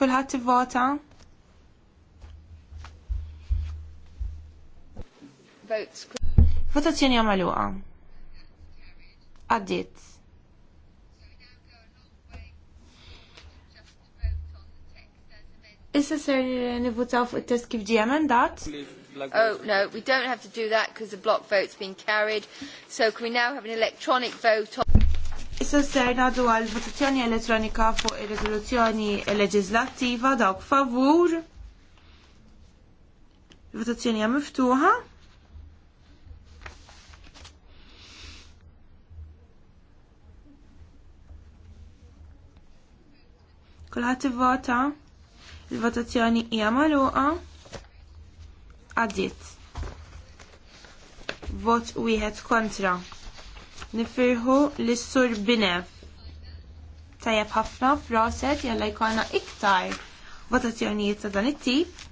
Kulħadd tivvota: Votazzjoni hija magħluqa. Għaddiet. Issa ser nivutaw fuq it-test kif ġie emendat. Oh, no, we don't have to do that because the block vote's been carried. So can we now have an electronic vote on... Issa ser nadu għal votazzjoni elettronika fuq il-rezoluzzjoni leġislattiva dawk favur. Il-votazzjoni hija miftuħa. Kulħadd ivvota. vota Il-votazzjoni hija magħluqa. Għaddiet. Vot wieħed kontra. Nifirħu l-sur Binev. Tajjeb ħafna f'roset jalla jkollna iktar votazzjonijiet ta' dan it-tip.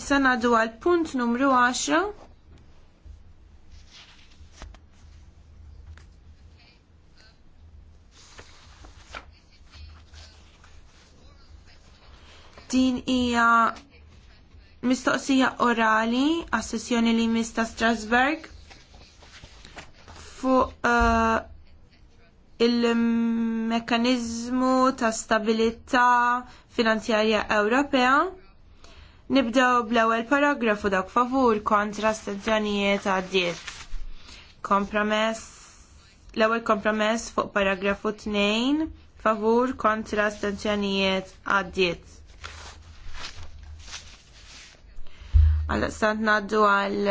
Issa ngħaddu għal punt numru 10 Din hija mistoqsija orali għas-sessjoni li mista Strasberg fuq uh, il-mekanizmu ta' stabilità finanzjarja Ewropea. Nibdew bl-ewwel paragrafu dak favur kontra stazzjonijiet għaddiet. Kompromess l-ewwel kompromess fuq paragrafu 2 favur kontra stazzjonijiet għaddiet. Għal stant naddu għal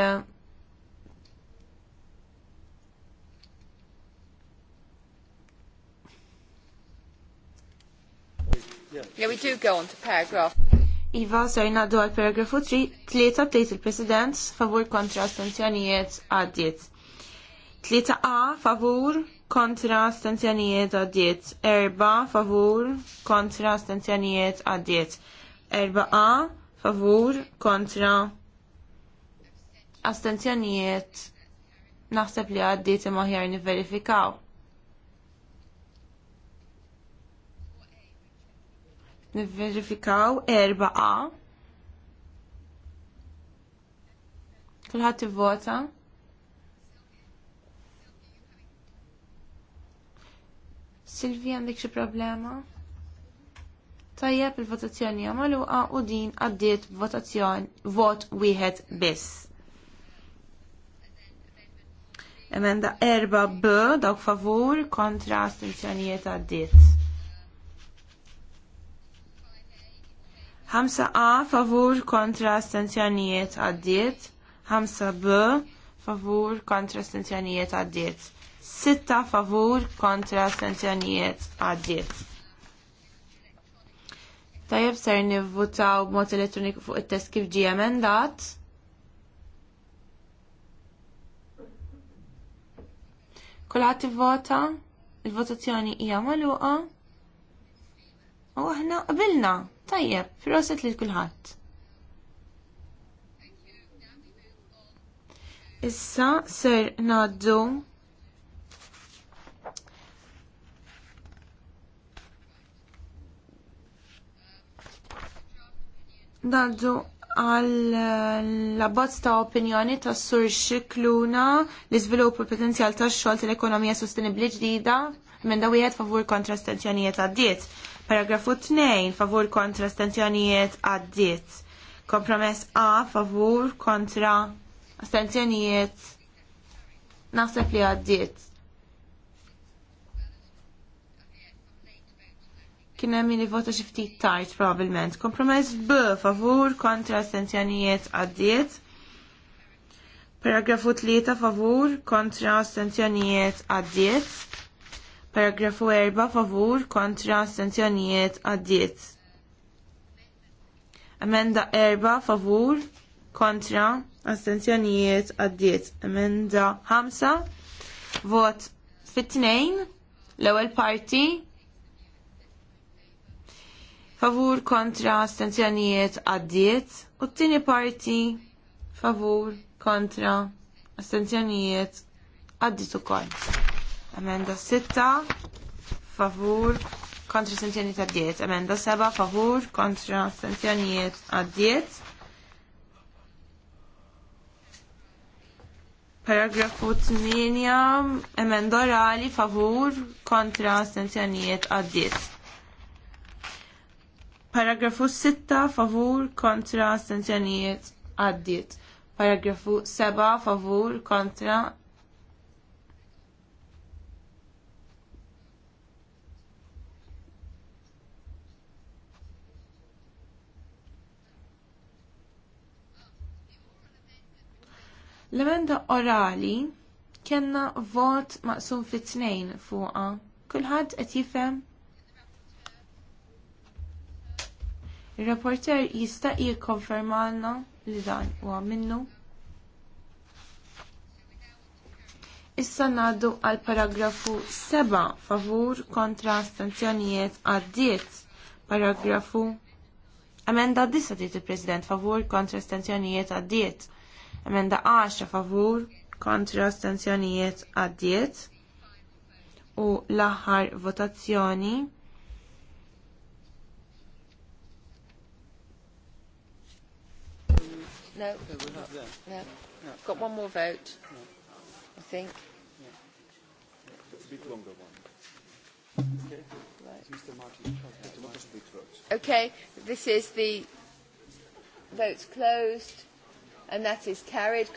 Yeah, we do go on to paragraph. Iva, ser naddu għal paragrafu 3, tlieta tliet il-President favur kontra astenzjonijiet għaddiet. Tlieta A favur kontra astenzjonijiet għaddiet. Erba favur kontra astenzjonijiet għaddiet. Erba A favur kontra astenzjonijiet naħseb li għaddiet imma ħjar niverifikaw. Niverifikaw erba' Kulħadd ivvota. Silvi għandek xi problema? Tajjeb il-votazzjoni għamaluqa u din għaddiet votazzjoni vot wieħed biss. Emenda erba b dawk favur kontra astenzjonijiet għaddiet. 5a favur kontra astenzjonijiet għaddiet. 5b favur kontra astenzjonijiet għaddiet. 6 favur kontra astenzjonijiet għaddiet. Tajab ser nivvutaw b'mod elettroniku fuq it-test kif ġie emendat. Kulħadd ivvota, il-votazzjoni hija magħluqa. U aħna qabilna, tajjeb, proset lil kulħadd. Issa ser naddu Naddu għal eh, l ta' opinjoni ta' sur xikluna l sviluppu l-potenzjal ta' xogħol tal-ekonomija sostenibli ġdida minn dawijiet favur kontra stenzjonijiet għaddiet. Paragrafu 2 favur kontra stenzjonijiet għaddiet. Kompromess A favur kontra stenzjonijiet naħseb li għaddiet. Kien hemm min ivota xi ftit tard probabbilment. Kompromess B favur kontra astenzjonijiet għaddiet. Paragrafu 3 favur kontra astenzjonijiet għaddiet. Paragrafu 4 favur kontra astenzjonijiet għaddiet. Emenda 4 favur kontra astenzjonijiet għaddiet. Emenda 5 vot fit-tnejn l-ewwel parti favur kontra astenzjonijiet għaddiet u t-tieni parti favur kontra astenzjonijiet għaddiet ukoll. Emenda 6 favur kontra astenzjonijiet għaddiet. Emenda 7 favur kontra astenzjonijiet għaddiet. Paragrafu 8, emendorali favur kontra astenzjonijiet għaddiet. Paragrafu 6 favur kontra astenzjonijiet għaddiet. Paragrafu 7 favur kontra L-emenda orali kellna vot maqsum fit tnejn fuqha. Kulħadd qed jifhem Il-rapporter jista' jikkonfermalna li dan huwa minnu. Issa ngħaddu għal paragrafu 7 favur kontra stanzjonijiet għaddiet. Paragrafu Emenda 10 dit il-President favur kontra stanzjonijiet għaddiet. Emenda 10 favur kontra stanzjonijiet għaddiet. U l-aħħar votazzjoni No. No, Got one more vote, no. I think. Okay. this is the votes closed and that is carried.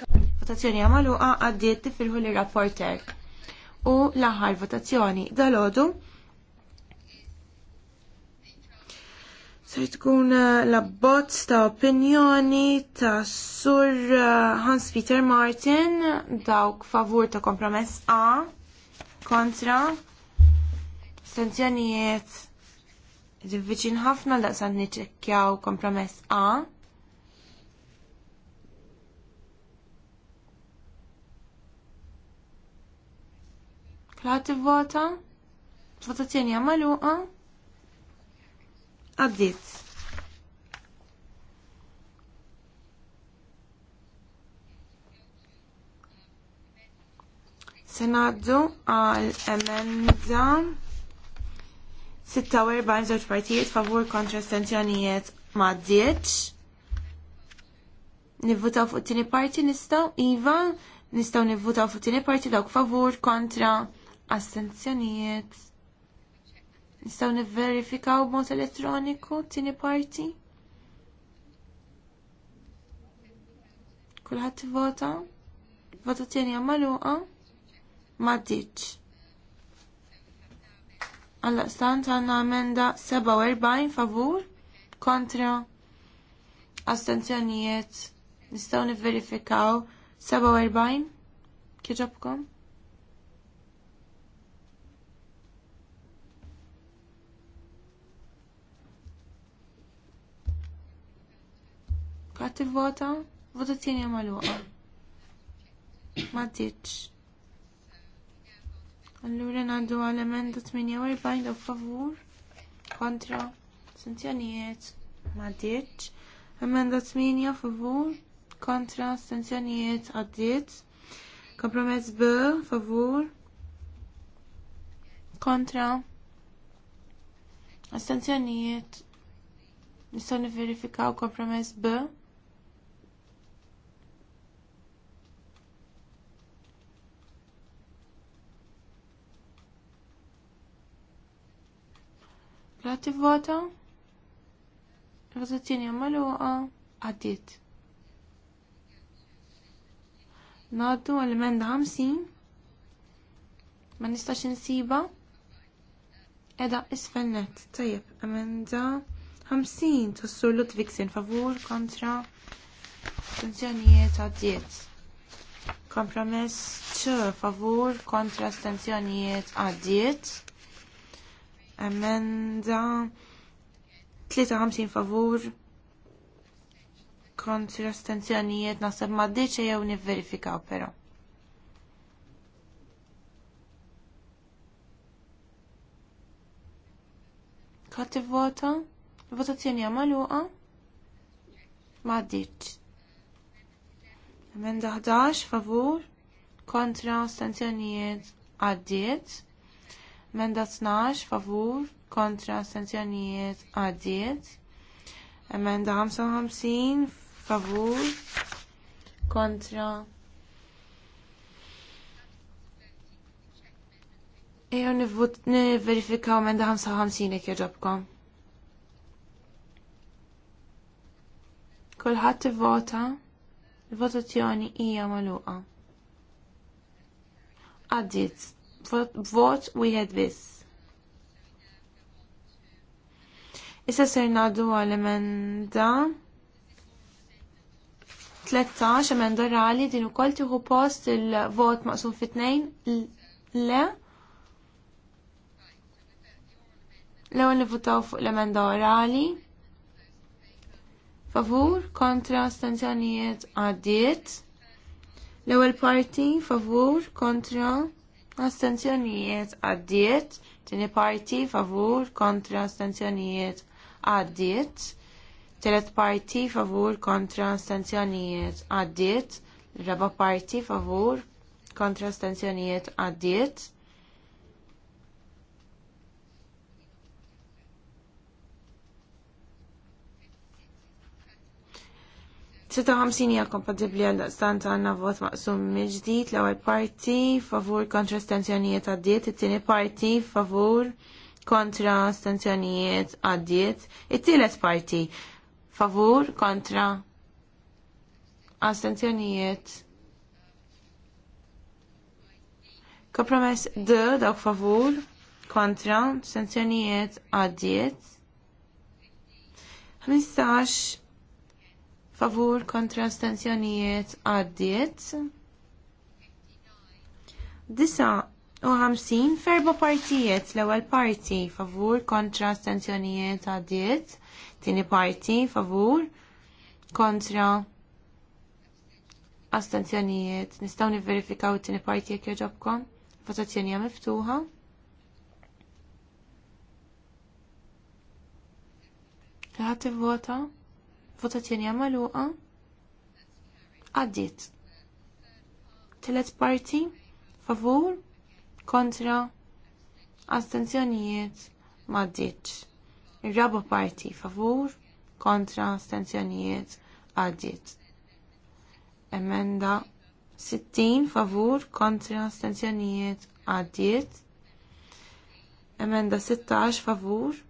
Votazzjoni għamalu għaddiet tifirħu li rapporter u l votazzjoni dal-ħodu Ser tkun eh, l-abbozz ta' opinjoni ta' sur eh, Hans Peter Martin dawk favur ta' kompromess A kontra sanzjonijiet Divviċin ħafna daqsan niċekkjaw kompromess A. Klati vota? Votazzjoni għamaluqa? għaddit. Senaddu għal emenda 46 żewġ partijiet favur kontra stenzjonijiet ma' 10. Nivvutaw fuq tieni parti nistgħu iva, nistgħu nivvutaw fuq tini parti dawk favur kontra astenzjonijiet. Nistgħu nivverifikaw b'mod elettroniku tieni parti? Kulħadd Vota Vota hija magħluqa? Ma ddiċ. Alla stant għanna għamenda 47 favur kontra astenzjonijiet nistaw niverifikaw 47 kieġobkom? għat t-vota, Kulħadd tivvota? Votazzjoni magħluqa. Ma tiġ. Allura ngħaddu għal emenda 48 daw favur kontra sanzjonijiet ma tiġ. Emenda 8 favur kontra s sanzjonijiet għaddiet. Kompromess B favur kontra Astenzjonijiet nistgħu niverifikaw kompromess B. La mela, tivvota? Votazzjoni għammaluqa għaddit. Naddu għal-emenda għamsin. Ma nistax insiba. Edha isfennet. Tajjeb, emenda għamsin. tas-sur favur kontra Tenzjonijiet għaddiet. Kompromess ċ favur kontra tenzjonijiet għaddiet. Emenda 53 favur kontra astenzjonijiet naħseb ma ddiċ jew nivverifikaw però. Kħat vota votazzjoni għamaluqa ma ddiċ. Emenda 11 favur kontra astenzjonijiet għaddiet. Menda 12 favur kontra sanzjonijiet għaddiet. Emenda 55 favur kontra Ejo niverifikaw menda 55 ekja joġobkom. Kolħat vota votazzjoni hija magħluqa. Għaddiet vot jħed biss. Issa ser ngħaddu għal emenda 13 emenda orali din ukoll tieħu post il-vot maqsum fit tnejn le. L-ewwel votaw fuq l-emenda orali. Favur kontra stanzjonijiet għaddiet. L-ewwel parti favur kontra astenzjonijiet għaddiet, tini parti favur kontra astenzjonijiet għaddiet, telet parti favur kontra astenzjonijiet għaddiet, raba parti favur kontra astenzjonijiet għaddiet, 56 hija kompatibbli għal stanza għandna vot maqsum mill-ġdid l-ewwel parti favur kontra stenzjonijiet għaddiet, it-tieni parti favur kontra stenzjonijiet għaddiet, it-tielet parti favur kontra astenzjonijiet. Kompromess D dawk favur kontra stenzjonijiet għaddiet. 15 favur kontra astensjonijiet għaddiet. Disa u ħamsin ferba partijiet l ewwel parti favur kontra astensjonijiet għaddiet. Tini parti favur kontra astenzjonijiet. Nistaw niverifikaw it-tini parti jek joġobkom. Votazzjoni miftuħa. Għati vota Votazzjoni għamaluqa. Għaddit. Telet parti. Favur. Kontra. Astenzjonijiet. Maddit. Raba parti. Favur. Kontra. Astenzjonijiet. Għaddit. Emenda 60 favur kontra astenzjonijiet għaddit. Emenda 16 favur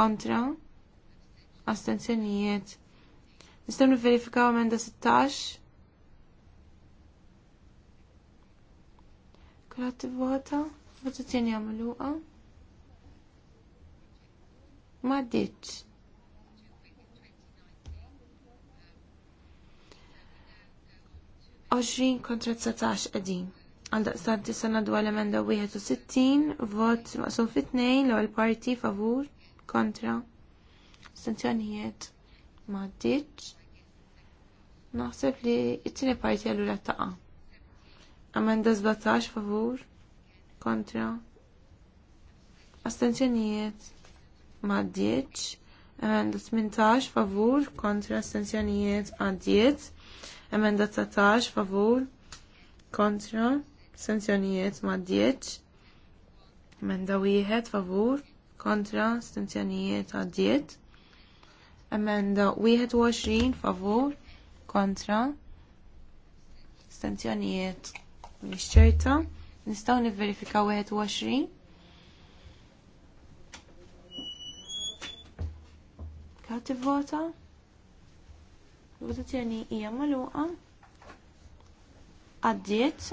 kontra astenzjonijiet. Nistgħu niverifikaw emenda 16. Kulħadd vota votazzjoni għamluqa. Ma ditx. Oġrin kontra 19 qegħdin. Għal daqstant tisana dwar l-emenda 61, vot maqsum fit-tnejn l-ewwel parti favur kontra astenzjonijiet ma ddiċ. Naħseb li it tini parti għallu għallura taqa. Amenda 17 favur kontra astenzjonijiet ma ddiċ. Emenda 18 favur kontra astenzjonijiet għaddiet. Emenda 19 favur kontra astenzjonijiet ma ddiċ. Emenda wieħed favur kontra astenzjonijiet għaddiet. Emenda 21 favur kontra stanzjonijiet mhix ċerta. Nistgħu nivverifikaw 21. Kat tivvota? Votazzjoni hija magħluqa. Għaddiet.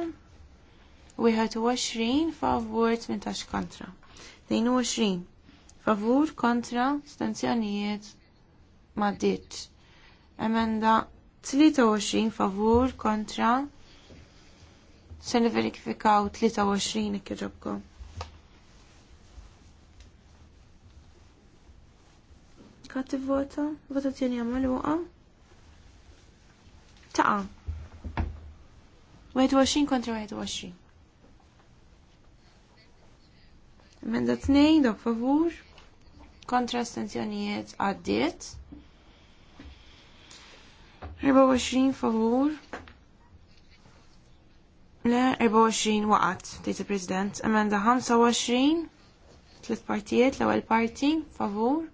21 favur 18 kontra. 22 favur kontra stanzjonijiet ma ditx. Emenda 23 favur kontra se verifikaw 23 ikki ġobkom. Kati vota, tjeni għamal uqa. Taqa. 21 kontra 21. Emenda 2, dok favur. Kontra astenzjonijiet għaddiet. 24 favur. Le, 24 waqat, tejt il-President. Emenda 25, tliet partijiet, l-ewwel parti, favur.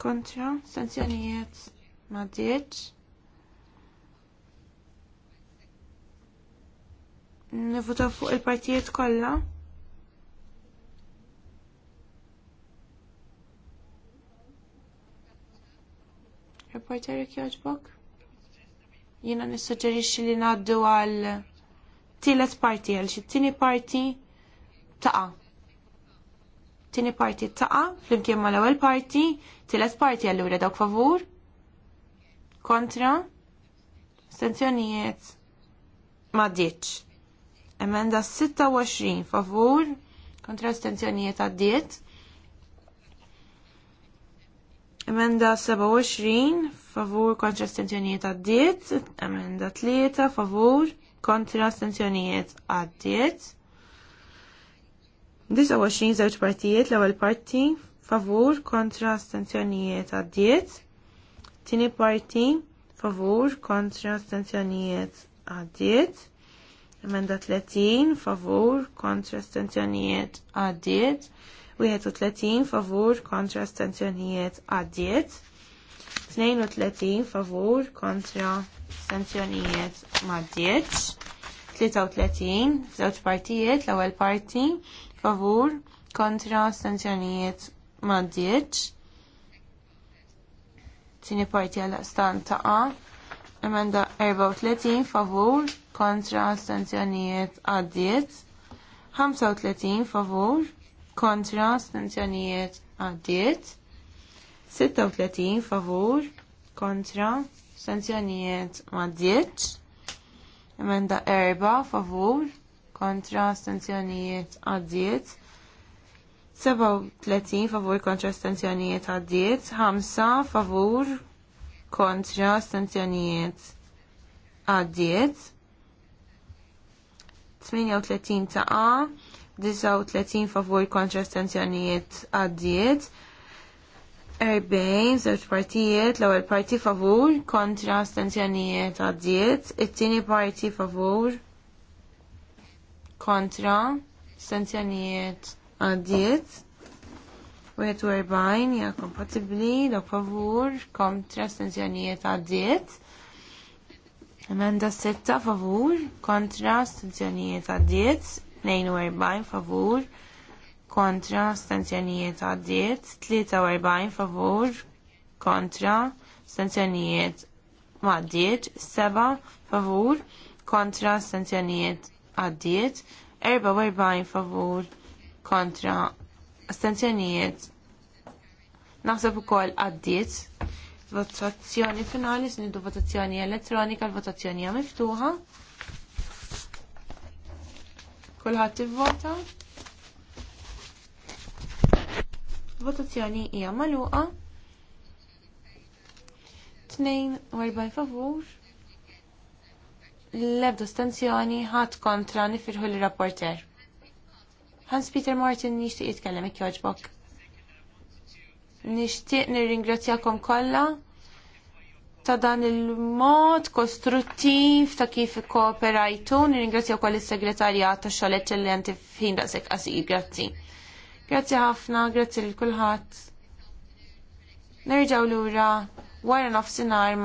Kontra, sanzjonijiet ma' dietx. Nivuta fuq il-partijiet kollha. Reporter jogħġbok? Jiena nissuġġerixxi li ngħaddu għal tielet parti għal xi tini parti taqa. Tieni parti taqa flimkien mal ewwel parti, tielet parti allura dawk favur. Kontra. Stenzjonijiet. Ma ditx. Emenda 26 favur kontra stenzjonijiet għaddiet. Emenda 27 favur kontra astenzjonijiet għaddiet. Emenda 3 favur kontra astenzjonijiet għaddiet. 29 żewġ partijiet l-ewwel parti favur kontra astenzjonijiet għaddiet. Tini parti favur kontra astenzjonijiet għaddiet. Emenda 30 favur kontra astenzjonijiet għaddiet. 31 favur kontra stanzjonijiet għaddiet. 32 favur kontra stanzjonijiet maddiet. 33 żewġ partijiet l-ewwel parti favur kontra stanzjonijiet maddiet. Tini parti għal stan taqa. Emenda 34 favur kontra stanzjonijiet għaddiet. 35 favur kontra astenzjonijiet għaddiet. 36 favur kontra astenzjonijiet għaddiet. Emenda 4 favur kontra astenzjonijiet għaddiet. 37 favur kontra astenzjonijiet għaddiet. 5 favur kontra astenzjonijiet għaddiet. 38 ta' A 39 favur kontra astenzjonijiet għaddiet. 40 zewġ partijiet, l-ewwel parti favur kontra astenzjonijiet għaddiet, it-tieni parti favur kontra astenzjonijiet għaddiet. 41 hija kompatibbli l favur kontra astenzjonijiet għaddiet. Emenda 6 favur kontra astenzjonijiet għaddiet, 42 favur kontra stanzjonijiet għaddiet 43 favur kontra stanzjonijiet maddiet 7 favur kontra stanzjonijiet għaddiet 44 favur kontra stanzjonijiet naħseb ukoll għaddiet votazzjoni finali, snidu votazzjoni elettronika, l-votazzjoni hija miftuħa. Kulħadd ivvota. Votazzjoni hija magħluqa. 42 favur. L-ebda stanzjoni ħadd kontra nifirħu l-rapporter. Hans Peter Martin nixtieq jitkellem ikk joġbok. Nixtieq nirringrazzjakom kollha ta' dan il-mod kostruttiv ta' kif kooperajtu. Nirringrazzja wkoll is-segretarjat tax xogħol eċċellenti f'ħin daqshekk qasir. Grazzi. Grazzi ħafna, grazzi lil kulħadd. l lura wara nofsinhar